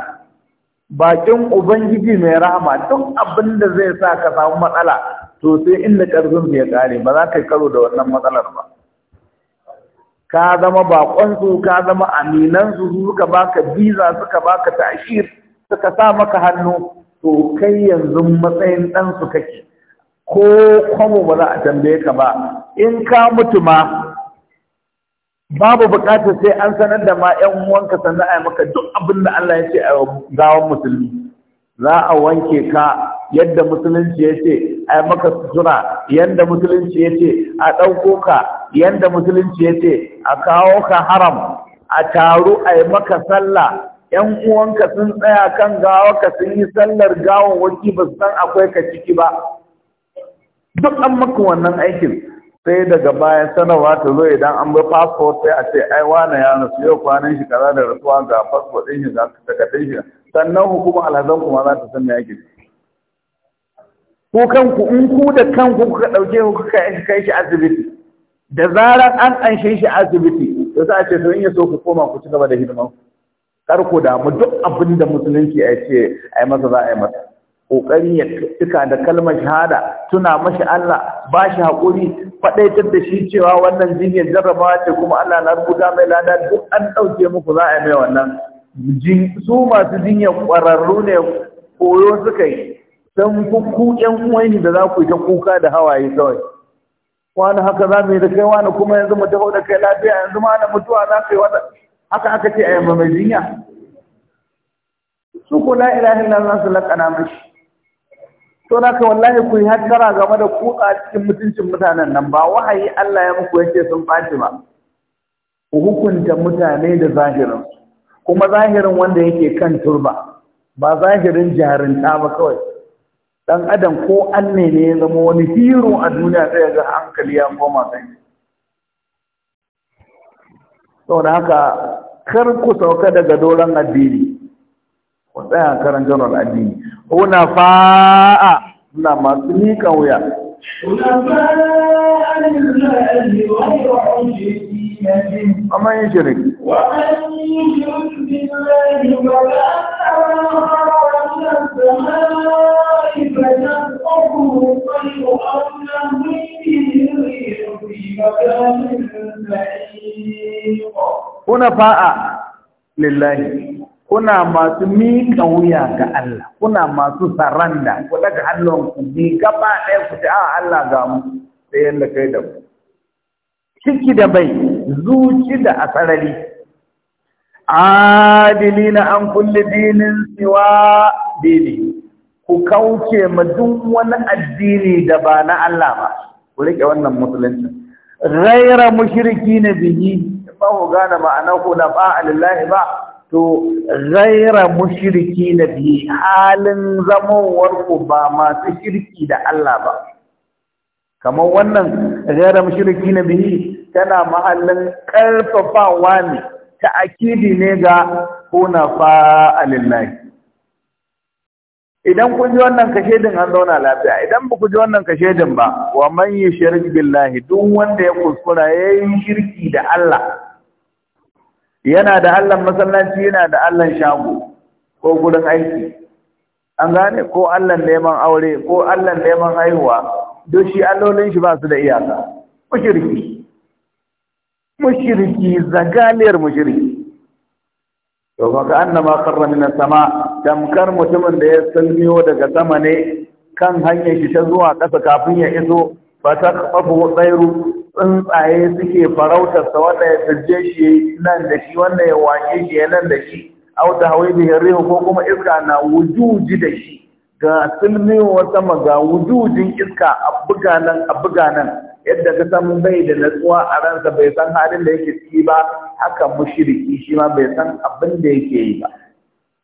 bakin ubangiji mai rahama duk abin da zai sa ka samu matsala to sai inda ƙarfin ya kare ba za ka yi karo da wannan matsalar ba ka zama baƙonsu ka zama aminansu suka baka biza suka baka tashir suka sa maka hannu to kai yanzu matsayin ɗansu kake ko kwamo ba za a tambaye ka ba in ka mutu ma babu bukatar sai an sanar da ma 'yan uwanka sannan a yi maka duk abin da Allah ya ce a gawan musulmi za a wanke ka yadda musulunci ya ce a yi maka sutura yadda musulunci ya ce a ɗauko ka yadda musulunci ya ce a kawo ka haram a taru a yi maka sallah ‘yan uwanka sun tsaya kan gawa ka sun yi sallar gawon wanki ba su san akwai ka ciki ba duk an maka wannan aikin sai daga baya sanarwa ta zo idan an bi passport sai a ce ai wane ya rasu yau kwanan shi kaza da rasuwa ga passport ɗin shi ga takardun shi sannan hukumar alhazan kuma za ta san me ake ku kanku in ku da kanku kuka ɗauke ku kuka kai shi asibiti da zarar an anshe shi asibiti to sai a ce to in ya so ku koma ku ci gaba da hidima. kar ku damu duk abin da musulunci ya ce ai masa za a yi masa ƙoƙarin ya tuka da kalmar shahada tuna mashi Allah ba shi haƙuri faɗaitar da shi cewa wannan jinyar jarrabawa ce kuma Allah na rubuta mai lada duk an ɗauke muku za a yi mai wannan su masu jinyar ƙwararru ne koyo suka yi don ku ƴan uwan da za ku yi ta kuka da hawaye kawai wani haka za mu yi da kai wani kuma yanzu mu taho da kai lafiya yanzu ma na mutuwa za ka yi wata haka aka ce a yamma mai jinya su ko la ilaha illallah su laƙana mashi to na ka wallahi ku yi hattara game da kutsa cikin mutuncin mutanen nan ba wahayi Allah ya muku yake sun ɓaci ba ku hukunta mutane da zahirin kuma zahirin wanda yake kan turba ba zahirin jarinta ba kawai dan adam ko anne ne ya zama wani hero a duniya sai ga hankali ya koma sai saboda haka kar ku sauka daga doron addini ku tsaya karan addini una fa'a na masu miƙa wuya amma yin shirik una fa'a lillahi kuna masu miƙa wuya ga Allah kuna masu saranda ku daga hannunku bi gaba ɗaya ku ta ah, Allah ga mu sai yadda kai da ku. ciki da bai zuci da asarari na an kulle dinin siwa dini ku kauce ma duk wani addini da ba na Allah ba ku riƙe wannan musulunci Raira mushiriki na bihi ba ku gane ma'ana ku na ba alillahi ba to ghaira mushriki na bi halin zamowar ku ba masu shirki da Allah ba kamar wannan ghaira mushriki na bi tana mahallin ƙarfafawa ne ta akidi ne ga hunafa lillahi idan kun ji wannan kashedin an zauna lafiya idan ba ku ji wannan kashedin ba wa man yushrik billahi duk wanda ya kuskura yayin shirki da Allah yana da allan masallaci yana da allahn shago ko gurin aiki an gane ko allan neman aure ko allan neman haihuwa duk shi allolin shi ba su da iyaka mushriki mushriki zagaliyar mushriki to fa ka annama qarra min as-sama tamkar mutumin da ya salmiyo daga sama ne kan hanyar shi ta zuwa ƙasa kafin ya iso fa taqafu tsairu tsuntsaye suke sa wanda ya turje shi nan da shi wanda ya wake shi ya nan da shi au da hawai da rihu ko kuma iska na wujuji da shi ga sulmiwa sama ga wujujin iska a buga nan a buga nan yadda ka san bai da natsuwa a ransa bai san halin da yake ciki ba haka mushriki shi ma bai san abin da yake yi ba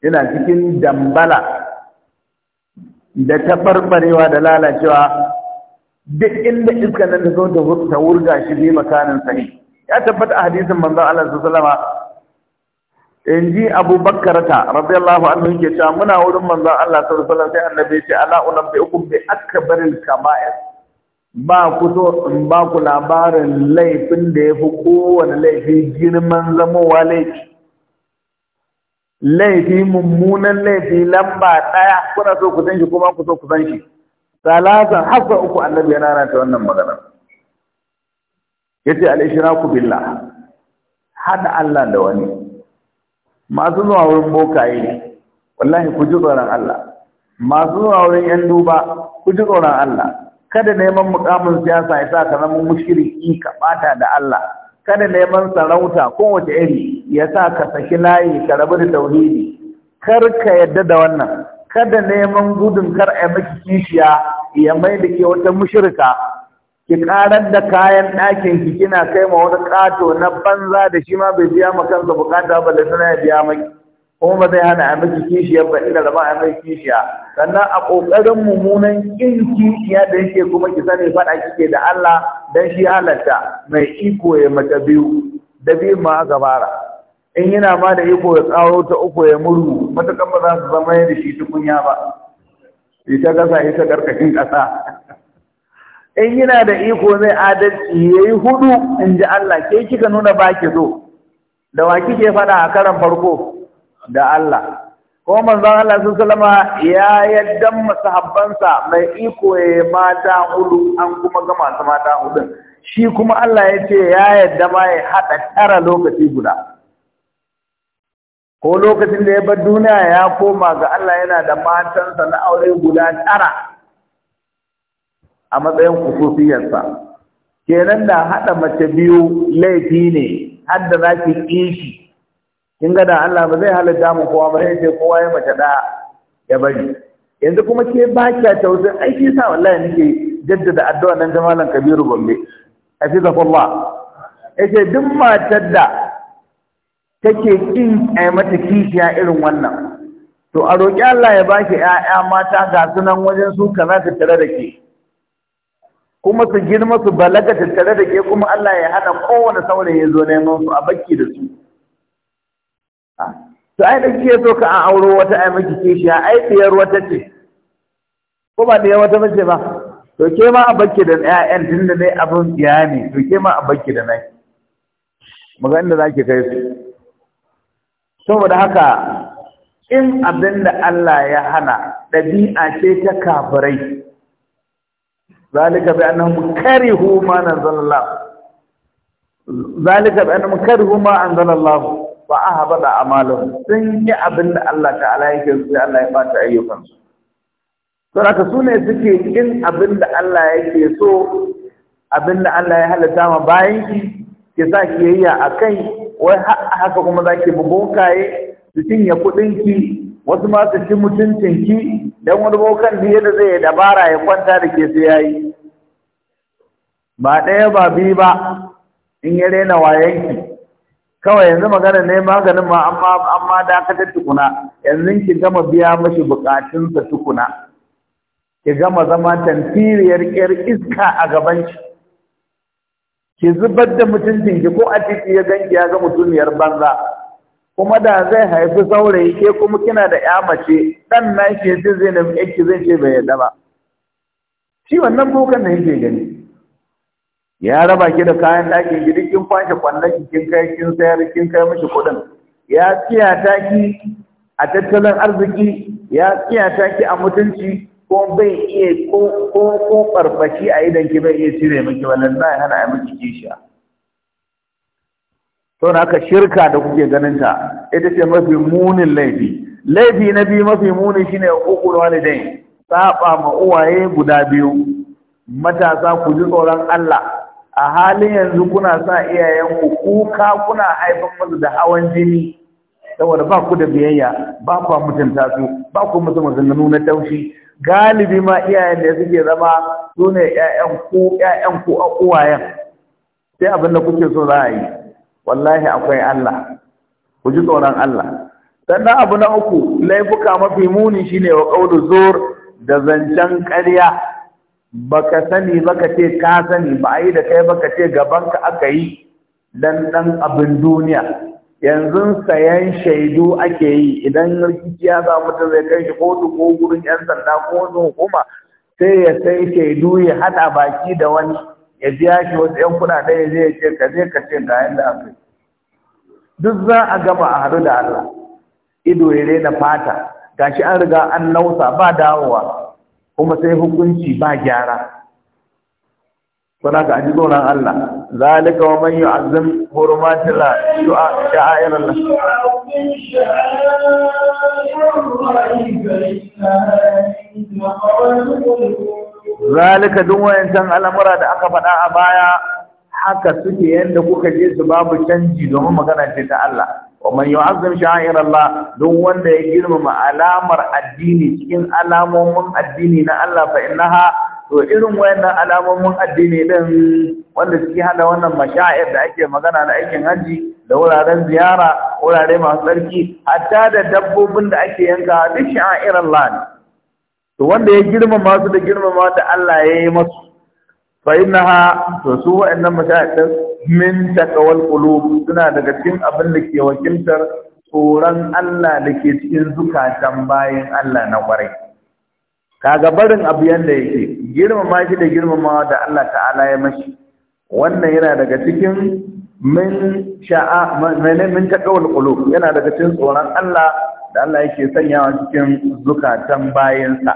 yana cikin dambala da tabarbarewa da lalacewa duk inda iska nan da zo da ta wurga shi bai makanin sahi ya tabbata a hadisin manzo Allah sallama in ji abubakar ta radiyallahu anhu yake cewa muna wurin manzo Allah sallallahu alaihi wasallam sai annabi ya ce ala unabbiukum bi akbaril kaba'ir ba ku so in ba ku labarin laifin da ya fi kowane laifi girman zamowa laifi laifi mummunan laifi lamba ɗaya kuna so ku san shi kuma ku so ku san shi salatan hasa uku annabi ya ta wannan magana yace al-ishraku billah hada Allah da wani masu zuwa wurin bokaye wallahi ku ji tsoron Allah masu zuwa wurin yan duba ku ji tsoron Allah kada neman mukamin siyasa ya sa ka zama mushriki ka bata da Allah kada neman sarauta kowace iri ya sa ka saki layi ka rabu da tauhidi kar ka yadda da wannan kada neman gudun kar a miki kishiya ya mai da ke wata mushirka ki karar da kayan ɗakin ki kina kai ma wani ƙato na banza da shi ma bai biya ma kansa bukata ba da suna ya biya maki kuma ba zai hana a miki kishiya ba ina da ba a mai kishiya sannan a ƙoƙarin mummunan ƙin kishiya da yake kuma ki sani faɗa kike da Allah dan shi halarta, mai iko ya mata biyu da biyu ma gabara in yana ma da iko ya tsaro ta uku ya murhu matakan ba za su zama yadda shi tukunya ba ita kasa ita karkashin kasa in yana da iko zai adalci ya yi hudu in ji Allah ke kika nuna ba ki zo da wa kike fada a karan farko da Allah ko manzon Allah sun salama ya yadda masahabbansa mai iko ya mata hudu an kuma ga masu mata hudu shi kuma Allah ya ce ya yadda ma ya haɗa tara lokaci guda ko lokacin da ya bar duniya ya koma ga Allah yana da matansa na aure guda tara a matsayin kusurfiyarsa kenan da haɗa mace biyu laifi ne har da za ki shi kin ga da Allah ba zai halatta mu kowa ba sai kowa ya mace ɗaya ya bari yanzu kuma ke ba kya tausayin aiki sa wallahi nake jaddada addu'a nan ta malam Kabiru Gombe hafizahullah yace duk matar da take kin ai mata kishiya irin wannan to a roƙi Allah ya baki ƴaƴa mata ga sunan wajen su kaza ta tare da ke kuma su girma su balaga ta tare da ke kuma Allah ya hada kowane saurayi ya zo neman su a baki da su to ai da kike so ka auro wata ai miki kishiya ai tsiyar wata ce ko ba da wata mace ba to ke ma a baki da ƴaƴan tunda ne abun tsiya ne to ke ma a baki da nai magana da zaki kai su saboda haka in abin da Allah ya hana ɗabi'a ce ta kafirai zalika bi annahum karihu ma anzala zalika bi annahum karihu ma anzala Allah fa ahbada amalahum sun yi abin da Allah ta'ala yake sai Allah ya bata su to haka sune suke in abin da Allah yake so abin da Allah ya halatta ma bayan ki ki sa kiyayya akai wai haka kuma za ki bokaye su cinye ki, wasu ma su ci mutuncinki don wani bokan da yadda zai yi dabara ya kwanta da ke su yayi ba ɗaya ba biyu ba in ya rena wayanki kawai yanzu magana ne maganin ma amma amma dakatar tukuna yanzu ki gama biya mashi bukatunsa tukuna ki gama zama tantiriyar ƙyar iska a gaban ki zubar da mutuncin ki ko a ciki ya ganki ya ga mutumiyar banza kuma da zai haifi saurayi ke kuma kina da ya mace dan nan ke ji zai yake zai ce bai yarda ba shi wannan bukan da yake gani ya raba ki da kayan ɗakin ki kin kwashe kwallon kin kai kin sayar kin kai mishi kuɗin ya tsiyata ki a tattalin arziki ya tsiyata ki a mutunci ko bai iya ko ko farfashi a idan ki bai iya cire miki wannan ba ya hana a miki kishiya to na ka shirka da kuke ganin ta ita ce mafi munin laifi laifi na biyu mafi muni shine uku walidai saba ma uwaye guda biyu matasa ku ji tsoron Allah a halin yanzu kuna sa iyayen ku kuka kuna haifar musu da hawan jini saboda ba ku da biyayya ba ku mutunta su ba ku musu maganganu na taushi galibi ma iyayen da suke zama sune ne ƴaƴan ku ƴaƴan ku a uwayen sai abin da kuke so za a yi wallahi akwai Allah ku ji tsoron Allah sannan abu na uku laifuka mafi muni shine wa kaulu zur da zancen ƙarya baka sani baka ce ka sani ba a yi da kai baka ce gaban ka aka yi dan dan abin duniya yanzu sayan shaidu ake yi idan rikici ya samu mutum zai kai shi kotu ko gurin yan sanda ko wani hukuma sai ya sai shaidu ya hada baki da wani ya biya shi wasu yan kuɗaɗe ya je ya ce ka je ka ce ga yanda aka yi duk za a gama a haɗu da Allah ido ya rena fata gashi an riga an nausa ba dawowa kuma sai hukunci ba gyara saboda ka ji tsoron Allah zalika wa man yu'azzim hurumatilla du'a sha'air Allah zalika duk wayancan al'amura da aka faɗa a baya haka suke yadda kuka je su babu canji domin magana ce ta Allah wa man yu'azzim sha'air Allah duk wanda ya girmama alamar addini cikin alamomin addini na Allah fa innaha to irin wayannan alamomin addini din wanda suke hada wannan mashayar da ake magana na aikin haji da wuraren ziyara wurare masu tsarki hatta da dabbobin da ake yanka duk Allah ne to wanda ya girmama su da girmama da Allah ya yi masu fa innaha to su wayannan mashayar din min taqwal qulub suna daga cikin abin da ke wakiltar tsoron Allah da ke cikin zukatan bayan Allah na kwarai kaga barin abu yanda yake girmama shi da girmamawa da Allah ta'ala ya mashi wannan yana daga cikin min sha'a min taqawul qulub yana daga cikin tsoron Allah da Allah yake sanyawa cikin zukatan bayansa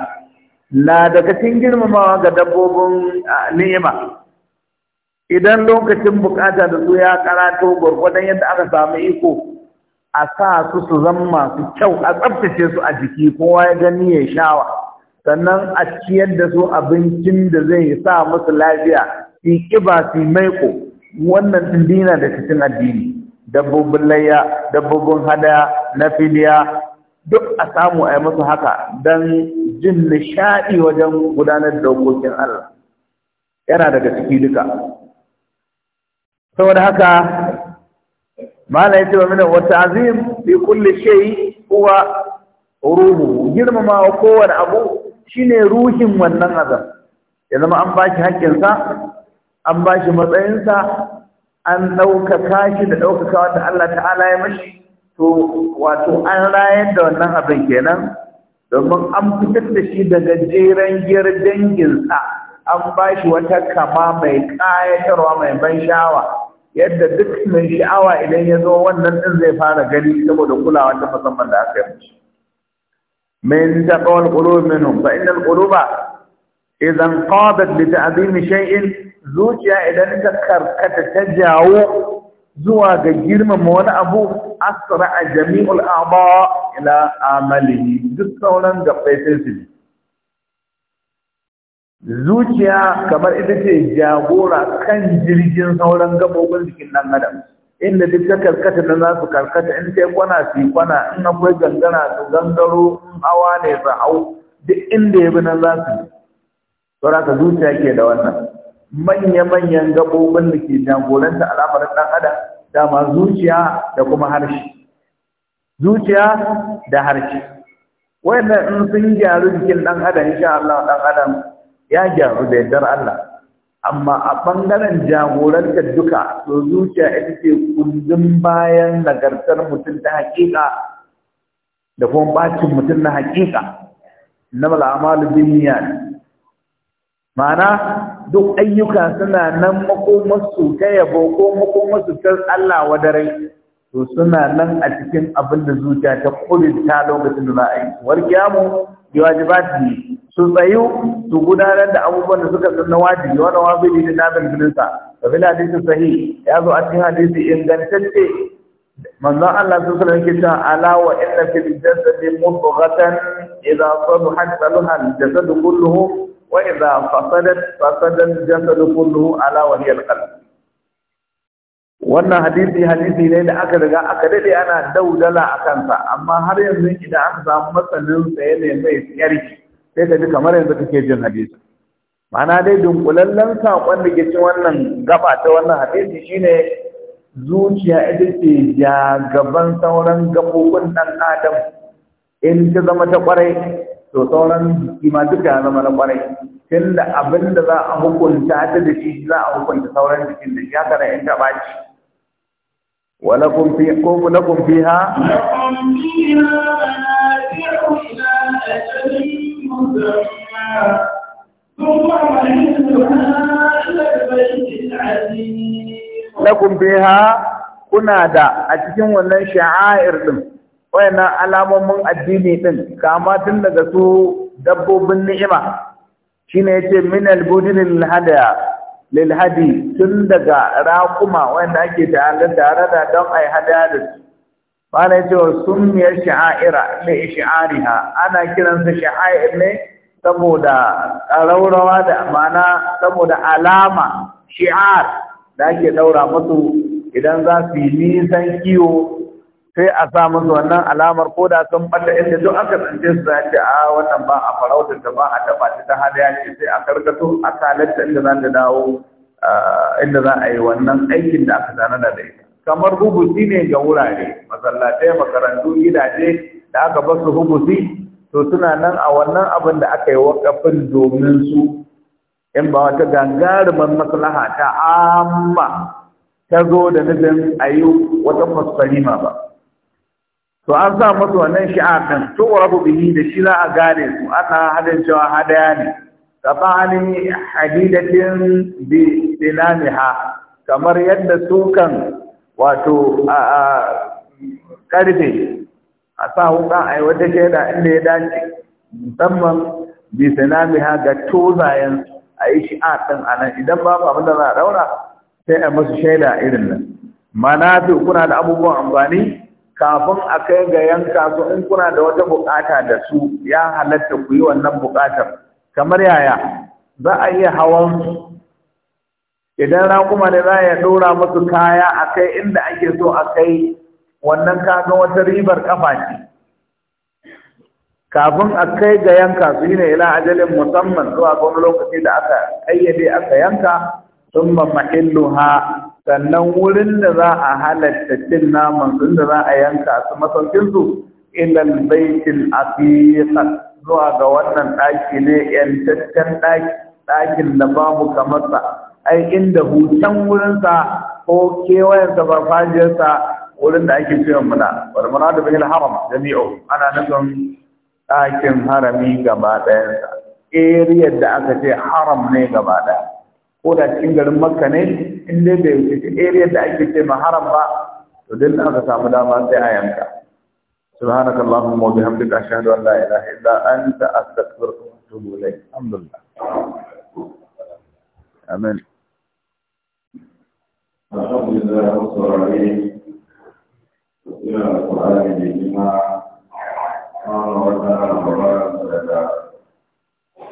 na daga cikin girmamawa ga dabbobin ni'ima idan lokacin bukata da su ya karato gwargwadon yadda aka samu iko a sa su su zama masu kyau a tsaftace su a jiki kowa ya gani ya shawa sannan a ciyar da su abincin da zai sa musu lafiya in ƙiba su maiko wannan ɗin dina da cikin addini dabbobin layya dabbobin hadaya na filiya. duk a samu a yi musu haka don jin nishaɗi wajen gudanar da dokokin Allah yana daga ciki duka saboda haka mala ya ce wa mina wata azim bi kulle shayi huwa ruhu girmama wa kowane abu shine ruhin wannan azab ya zama an ba shi haƙƙinsa an ba shi matsayinsa an ɗaukaka shi da ɗaukakawa da Allah ta'ala ya mashi to wato an rayar da wannan abin kenan domin an fitar da shi daga jeren giyar danginsa an ba shi wata kama mai ƙayatarwa mai ban sha'awa yadda duk mai sha'awa idan ya zo wannan ɗin zai fara gani saboda kulawa ta musamman da aka yi من تقوى القلوب منهم فإن القلوب إذا انقابت لتعظيم شيء زوجة إذا تذكر كتتجاو زوا جرم مون أبو أسرع جميع الأعضاء إلى عمله جسولا جبتين zuciya kamar ita ce jagora kan jirgin sauran gabobin jikin ɗan adam inda duk ta karkata da za su karkata in sai kwana su kwana in akwai gangana su gangaro in hawa ne su hau duk inda ya bi nan za su saura ka zuciya ke da wannan manya-manyan gabobin da ke jagoranta alamar ɗan adam dama zuciya da kuma harshe zuciya da harshe wannan in sun gyaru jikin ɗan adam insha Allah ɗan adam ya gyaru da yardar Allah amma a ɓangaren jagorantar duka to zuciya ita ce kundin bayan nagartar mutum ta haƙiƙa da kuma bacin mutum na haƙiƙa na mal'amalu duniya ma'ana duk ayyuka suna nan makomarsu ta yabo ko makomarsu ta Allah wadarai to suna nan a cikin abin da zuciya ta kurinta lokacin da za a yi warkiya mu bi wajibati su tsayu su gudanar da abubuwan da suka tsanna wajibi wani wajibi da nazar bilinsa da bin hadisi sahi ya zo a cikin hadisi ingantacce manzon Allah sun sanar yake cewa ala wa inna fil jasadi mudghatan idza saluhat saluha al jasadu kulluhu wa idza fasadat fasada al jasadu kulluhu ala wa hiya al qalb wannan hadisi hadisi ne da aka riga aka dade ana daudala a kansa amma har yanzu idan aka samu matsalin tsaye ne mai tsarki sai ka ji kamar yanzu kake jin hadisi ma'ana dai dunkulallen saƙon da ke ci wannan gaba ta wannan hadisi shine zuciya ita ce ja gaban sauran gabobin ɗan adam in ta zama ta ƙwarai to sauran jiki ma duka ya zama na ƙwarai tunda abinda za a hukunta ta da shi za a hukunta sauran jikin da shi haka na in ta baci ولكم في قوم لكم فيها لكم فيها kuna da a cikin wannan sha'air din wayannan alamomin addini din kama tun daga su dabbobin ni'ima shine yace min al-budil lilhadi tun daga raƙuma wanda ake tare da don a yi hada da su mana ya ce wa sun ya sha'ira ne sha'ariha ana kiransa sha'air ne saboda ƙaraurawa da mana saboda alama shi'ar da ake daura musu idan za su yi nisan kiwo sai a sa musu wannan alamar ko da sun bata inda duk aka tsince su za ce a ah, wannan ba a farautar da ba a taba ta ta hada ce sai a karkato a kalarta inda za ta dawo ah, inda za a yi wannan aikin da aka tanada da ita kamar hubusi ne ga wurare masallatai makarantu gidaje da aka su hubusi to suna nan a wannan abin da aka yi wakafin domin su in ba wata gangarumin maslaha ta amma ta zo da nufin a yi wata fasfarima ba to an sa musu wannan shi'a kan to rabu bihi da shi za a gane su ana hadin cewa hadaya ne tsakanin hadidatin bi dinamiha kamar yadda su wato a karfe a sa wuka a yi wata shaida inda ya dace musamman bi sinamiha ga tozayen a yi shi'a ɗin a nan idan babu abin da za a ɗaura sai a masu shaida irin nan mana kuna da abubuwan amfani kafin a kai ga yanka su in kuna da wata bukata da su ya halatta ku yi wannan bukatar kamar yaya za a iya hawan idan raƙuma ne za ya ɗora musu kaya a kai inda ake so a kai wannan kaga wata ribar kafa ce kafin a kai ga yanka su yi ne ila ajalin musamman zuwa ga wani lokaci da aka ayyade aka yanka sun ha, sannan wurin da za a halatta cin naman sun da za a yanka su masaukin su ilal baitin aqiqat zuwa ga wannan ɗaki ne 'yan ɗaki ɗakin da babu kamar sa ai inda hutan wurin sa ko kewayen sa farfajiyar sa wurin da ake cewa muna wal muradu bil haram jami'u ana nufin ɗakin harami gaba ɗayan sa area da aka ce haram ne gaba ɗaya ko da cikin garin makka ne in dai bai wuce area da ake ce ma haram ba to duk da aka samu dama sai a yanka سبحانك اللهم وبحمدك أشهد أن لا إله إلا أنت أستغفرك وأتوب إليك الحمد لله آمين الحمد لله والصلاة عليه وسلم على نبينا محمد وعلى آله وصحبه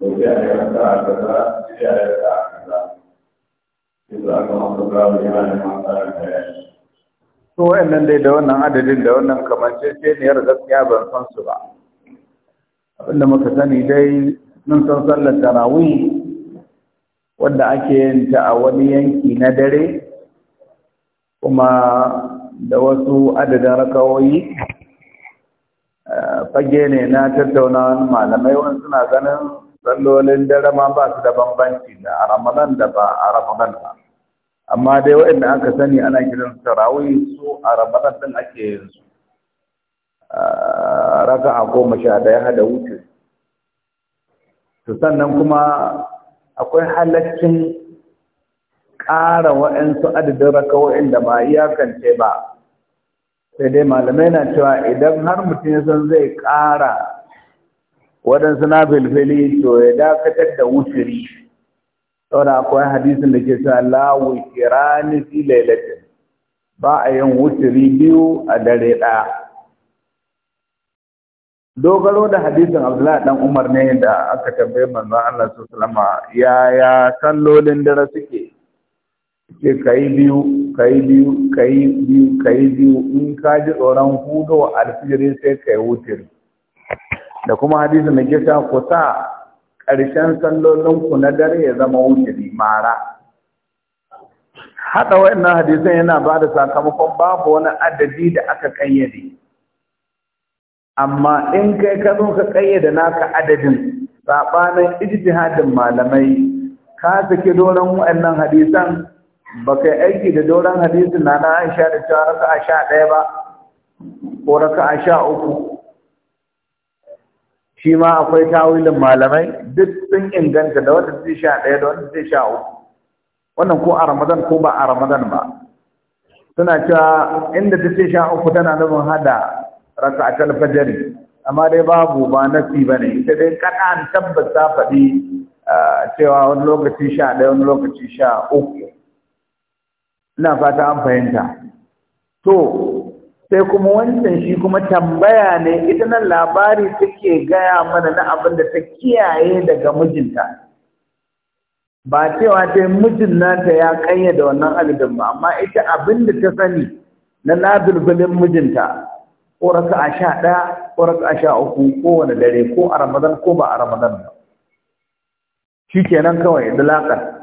gobe a ta a a ta wayannan dai da wannan adadin da wannan kamanceceniyar gaskiya ban san su ba abinda muka sani dai mun san sallar tarawih wadda ake yin ta a wani yanki na dare kuma da wasu adadin rakawoyi eh, fage ne na tattaunawa malamai wani suna ganin sallolin dare ma ba su da bambanci da a ramadan da ba a ramadan ba amma dai waɗanda aka sani ana kiran tarawih su a ramadan din ake yin su ah, raka a goma sha ɗaya hada wuce to sannan kuma akwai halaccin ƙara wa'ansu adadin raka wa'anda ba iyakance ba sai dai malamai na cewa idan har mutum ya san zai ƙara waɗansu na filfili to ya dakatar da wuturi saboda akwai hadisin da ke sa la ni fi lailatin ba a yin wuturi biyu a dare ɗaya dogaro da hadisin Abdullahi dan Umar ne da aka tambaye manzo Allah sallallahu salama yaya sallolin dare suke ke kai biyu kai biyu kai biyu kai biyu in ka ji tsoron hudo alfijiri sai kai wuturi da kuma hadisi na ke ta ku sa ƙarshen sallolinku na dare ya zama wuturi mara haɗa wannan hadisan yana ba da sakamakon babu wani adadi da aka ƙayyade amma in kai ka zo ka ƙayyade naka adadin saɓanin ijtihadin malamai ka saki doron wa'annan hadisan ba kai aiki da doron hadisin na na aisha da cewa raka'a sha ɗaya ba ko raka'a sha uku shi ma akwai tawilin malamai duk sun inganta da wanda zai sha ɗaya da wanda zai sha uku wannan ko a ramadan ko ba a ramadan ba suna cewa inda ta sha uku tana nufin hada raka'atul fajri amma dai babu ba nasi ne. ita dai tabbas ta faɗi cewa wani lokaci sha ɗaya wani lokaci sha uku ina fata an fahimta to sai kuma wancan shi kuma tambaya ne ita nan labari take gaya mana na abin da ta kiyaye daga mijinta ba cewa sai mijin nata ya kanya da wannan adadin ba amma ita abin da ta sani na labirbilin mijinta ko raka a sha ɗaya ko raka a sha uku wani dare ko a ramadan ko ba a ramadan ba shi kenan kawai da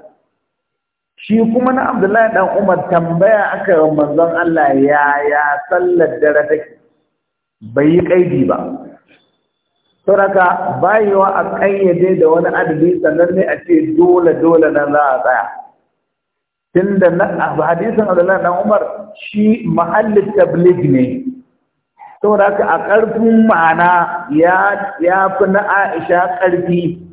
shi kuma na abdullahi dan umar tambaya aka yi manzon Allah ya ya sallar dare take bai yi kaidi ba saboda bayewa a kayyade da wani adadi sannan ne a ce dole dole nan za a tsaya tunda na hadisin abdullahi dan umar shi mahalli tabligh ne saboda a ƙarfin ma'ana ya ya fi na Aisha ƙarfi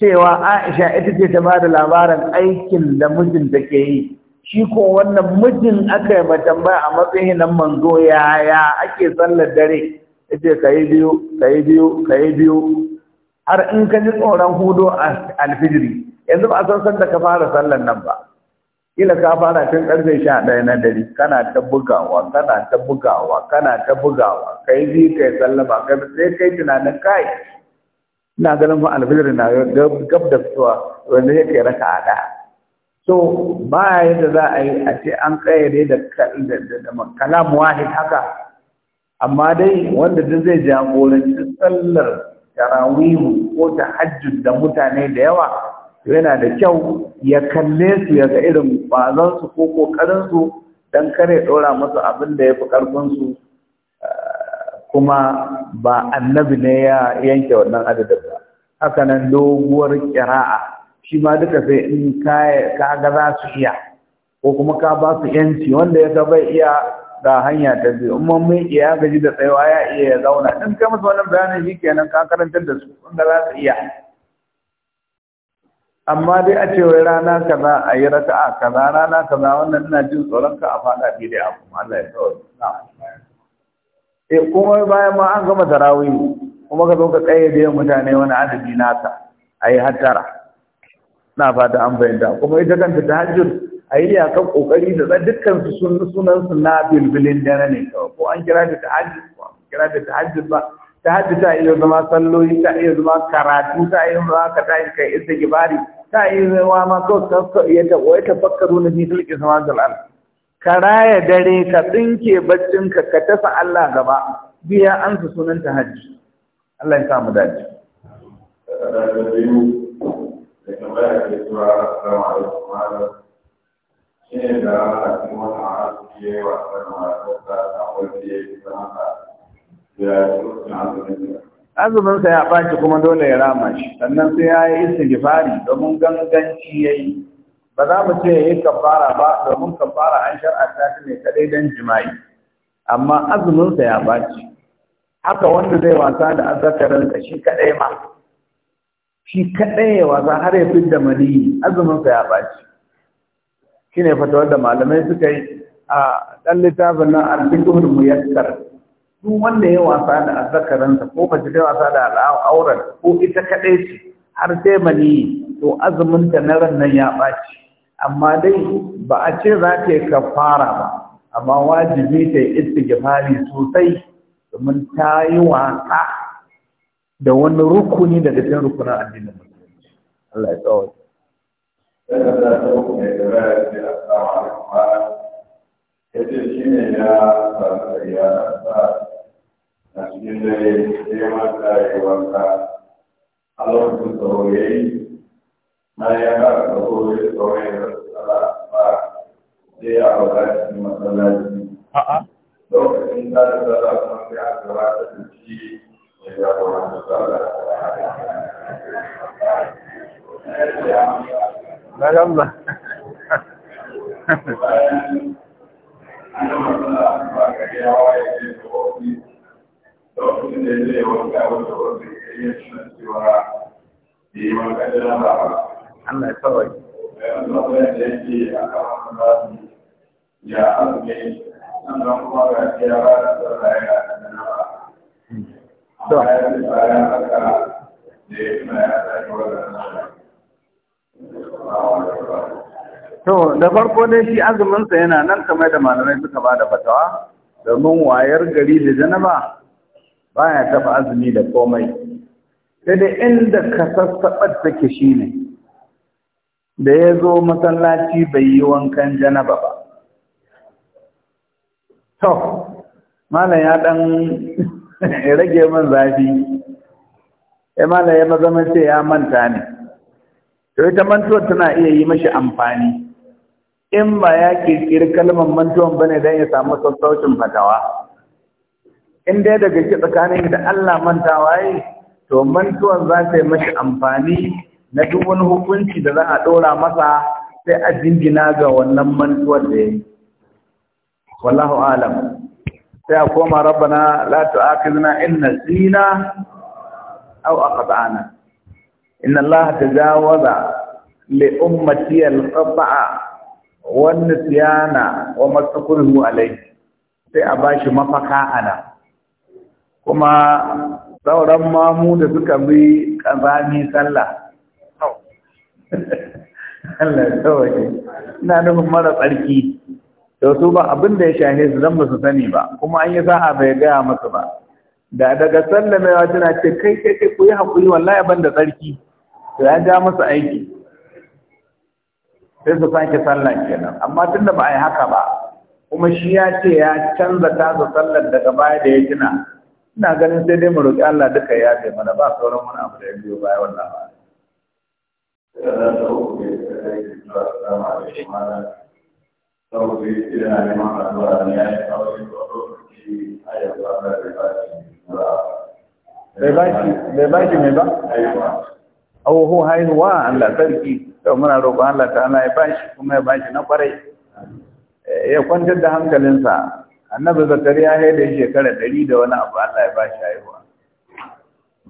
cewa Aisha ita ce ta ba da labarin aikin da mijin ke yi shi ko wannan mijin aka yi matambaya a matsayin nan manzo yaya ake sallar dare ita ka yi biyu ka yi biyu ka yi biyu har in ka ji tsoron hudu a alfijiri yanzu ba a san da ka fara sallar nan ba kila ka fara tun karfe sha ɗaya na dare kana ta bugawa kana ta bugawa kana ta bugawa kai biyu kai sallama kai sai kai tunanin kai ina ganin ma alfijir na gab da fitowa wanda ya kai raka a so ba yadda za a yi a ce an kayyade da kalam wahid haka amma dai wanda duk zai jagoranci sallar tarawihu ko ta hajji da mutane da yawa yana da kyau ya kalle su ya ga irin kwazon ko ƙoƙarinsu don karya kare ɗora musu abin da ya fi ƙarfinsu. kuma ba annabi ne ya yanke wannan adadin ba haka nan doguwar kira'a shi ma duka sai in ka ga za su iya ko kuma ka ba su yanci wanda ya ga bai iya ga hanya ta biyu in mun mai iya gaji da tsayawa ya iya ya zauna in kai musu wannan bayanin shi kenan ka karantar da su wanda za su iya amma dai a ce wai rana kaza a yi raka'a kaza rana kaza wannan ina jin tsoron ka a faɗa bi da abu Allah ya tsawon na'am E kuma bayan ma an gama tarawih kuma ka zo ka kayyade mutane wani adadi nasa ayi hattara na fata an fahimta kuma ita kanta yi ayi kan kokari da dukkan su sun sunan su na bilbilin dana ne ko an kira da tahajjud ko an kira da tahajjud ba tahajjud ta iya zama salloli ta iya zama karatu ta iya zama ka ta iya kai gibari ta iya zama ma ko ka iya ta wai tafakkaru na fi tilki sama'a dal ka raya dare ka tsinke baccinka ka tafi Allah gaba biya an su sunan ta hajji Allah ya samu dace azuminsa ya ɓaci kuma dole ya rama shi sannan sai ya yi istighfari domin ganganci ya yi ba za mu ce yi kafara ba domin kafara an shar'anta ta ne kadai dan jima'i amma azuminsa ya baci haka wanda zai wasa da azzakarin ka shi kadai ma shi kadai ya wasa har ya fidda mali azumin ya baci ne fatawar da malamai suka yi a dan littafin nan al-fiqhul muyassar duk wanda ya wasa da azzakarin ka ko mace zai wasa da auren ko ita kadai ce har sai maniyi to azuminta ta na ran nan ya baci amma dai ba a ce za ta yi kafara ba amma wajibi ta yi istighfari sosai domin ta yi wasa da wani rukuni daga cikin rukunin addinin musulunci Allah ya tsawo ta a cikin dare sai mata wanka a lokacin ya yi na ya kara kawo da tsawon ya ba sai ya baka cikin masallaci. Lokacin da ta tsara kuma sai ba gaba ta tafi ya jagoranta tsara. Na gamba. Bayan an yi matsala ba ya ce da ofis lokacin da ya zai wanka wanda wanda ba Allah ya ya na To, da farko dai shi azuminsa yana nan kamar da malamai suka ba da fatawa, domin wayar gari da janaba ba ya taɓa azumi da komai. Sai da inda ka sassaɓar take shi ne, da ya zo masallaci bai yi wankan janaba ba to malam ya ɗan rage man zafi ya mana ya mazama ce ya manta ne to ita mantuwar tana iya yi mashi amfani in ba ya kirkiri kalmar mantuwan ne don ya samu sassaucin fatawa in dai daga shi tsakanin da Allah mantawa yi to mantuwan za ta yi mashi amfani na duk wani hukunci da za a ɗora masa sai a jingina ga wannan mantuwar da ya yi wallahu alam sai a koma rabbana la tu'akhidna in nasina aw aqta'na inna Allah tajawaza li ummati al-qata'a wa nisyana wa mastakuru alayhi sai a bashi mafaka ana kuma sauran mamu da suka bi kazami sallah Allah ya ina nufin mara tsarki to su ba abin da ya shahe su zan su sani ba kuma an yi sa'a bai gaya masu ba da daga sallamewa tana ce kai kai kai ku yi haƙuri wallahi ban da tsarki to ya ja musu aiki sai su sake sallah kenan amma tunda ba a yi haka ba kuma shi ya ce ya canza tasa sallar daga baya da ya gina ina ganin sai dai mu roƙi Allah duka ya zai mana ba sauran wani abu da ya biyo baya wallahi saboda ina neman da bai bai mai ba roƙon Allah ta bashi kuma ya bashi na ƙwarai. Eh, ya kwantar da hankalinsa annabi zakariya ya da shekara ɗari da wani abu Allah ya ba bashi haihuwa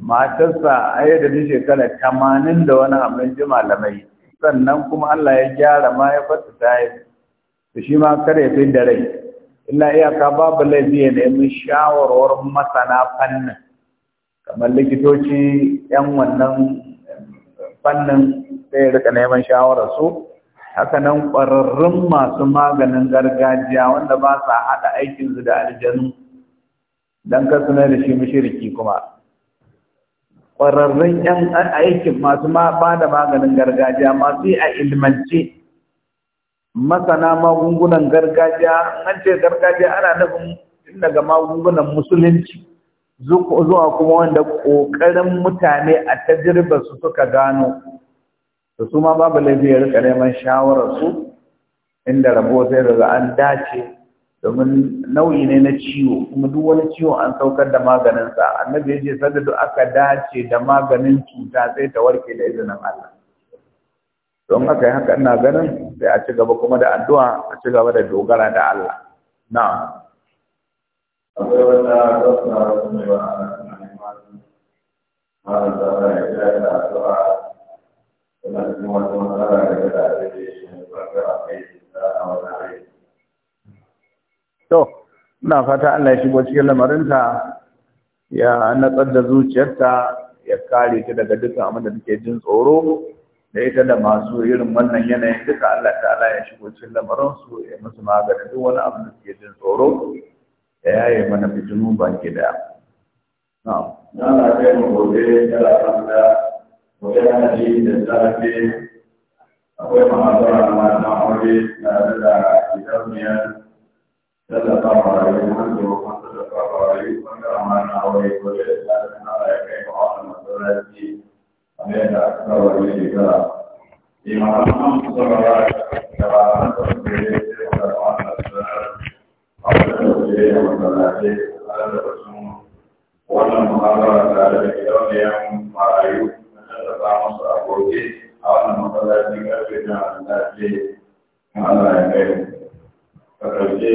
matarsa a da da shekara tamanin da wani abin ji malamai sannan kuma Allah ya gyara ma ya fata ta yi da shi ma kar fi da rai illa iyaka babu laifi ya nemi shawarwar masana fannin kamar likitoci yan wannan fannin sai rika neman shawarar su haka nan ƙwararrun masu maganin gargajiya wanda ba sa haɗa aikinsu da aljanu don kasu da shi mashiriki kuma ƙwararrun 'yan aikin masu ba da maganin gargajiya masu yi a ilmance masana magungunan gargajiya an ce gargajiya ana nufin daga magungunan musulunci zuwa kuma wanda ƙoƙarin mutane a tajirba su suka gano da su ma babu laifin ya rika neman shawararsu inda rabo sai daga an dace domin nau'i ne na ciwo kuma duk wani ciwo an saukar da maganin sa annabi ya ce sanda duk aka dace da maganin cuta sai ta warke da izinin Allah don aka yi haka ina ganin sai a ci gaba kuma da addu'a a ci gaba da dogara da Allah na. akwai wata rasa da wa ana neman malam da ya da da addu'a yana da wata matsala da ya da da shi ne da ga a kai da a wani aiki to ina fata Allah ya shigo cikin lamarinta ya natsar da zuciyarta ya kare ta daga dukkan abin da take jin tsoro da ita da masu irin wannan yanayin duka Allah ta'ala ya shigo cikin lamarin su ya musu magana duk wani abu da suke jin tsoro ya yaye mana fitinu baki daya na na kai mu gobe kala kanta gobe na ji da zafi akwai mahabara na aure na da gidauniyar tallafa wa rayu an zo kan tallafa wa rayu wanda amana aure ko da tsarin Allah ya kai wa wannan masallaci amma da aka kawo ne shekara imamu sallallahu alaihi wa sallam da ya ce wa wannan masallaci a wannan da ya masallaci a da wasu wannan muhabara da da gidauniyan marayu na tallafa musu aboki a wannan masallaci karfe da Allah ya kai ka ɗauke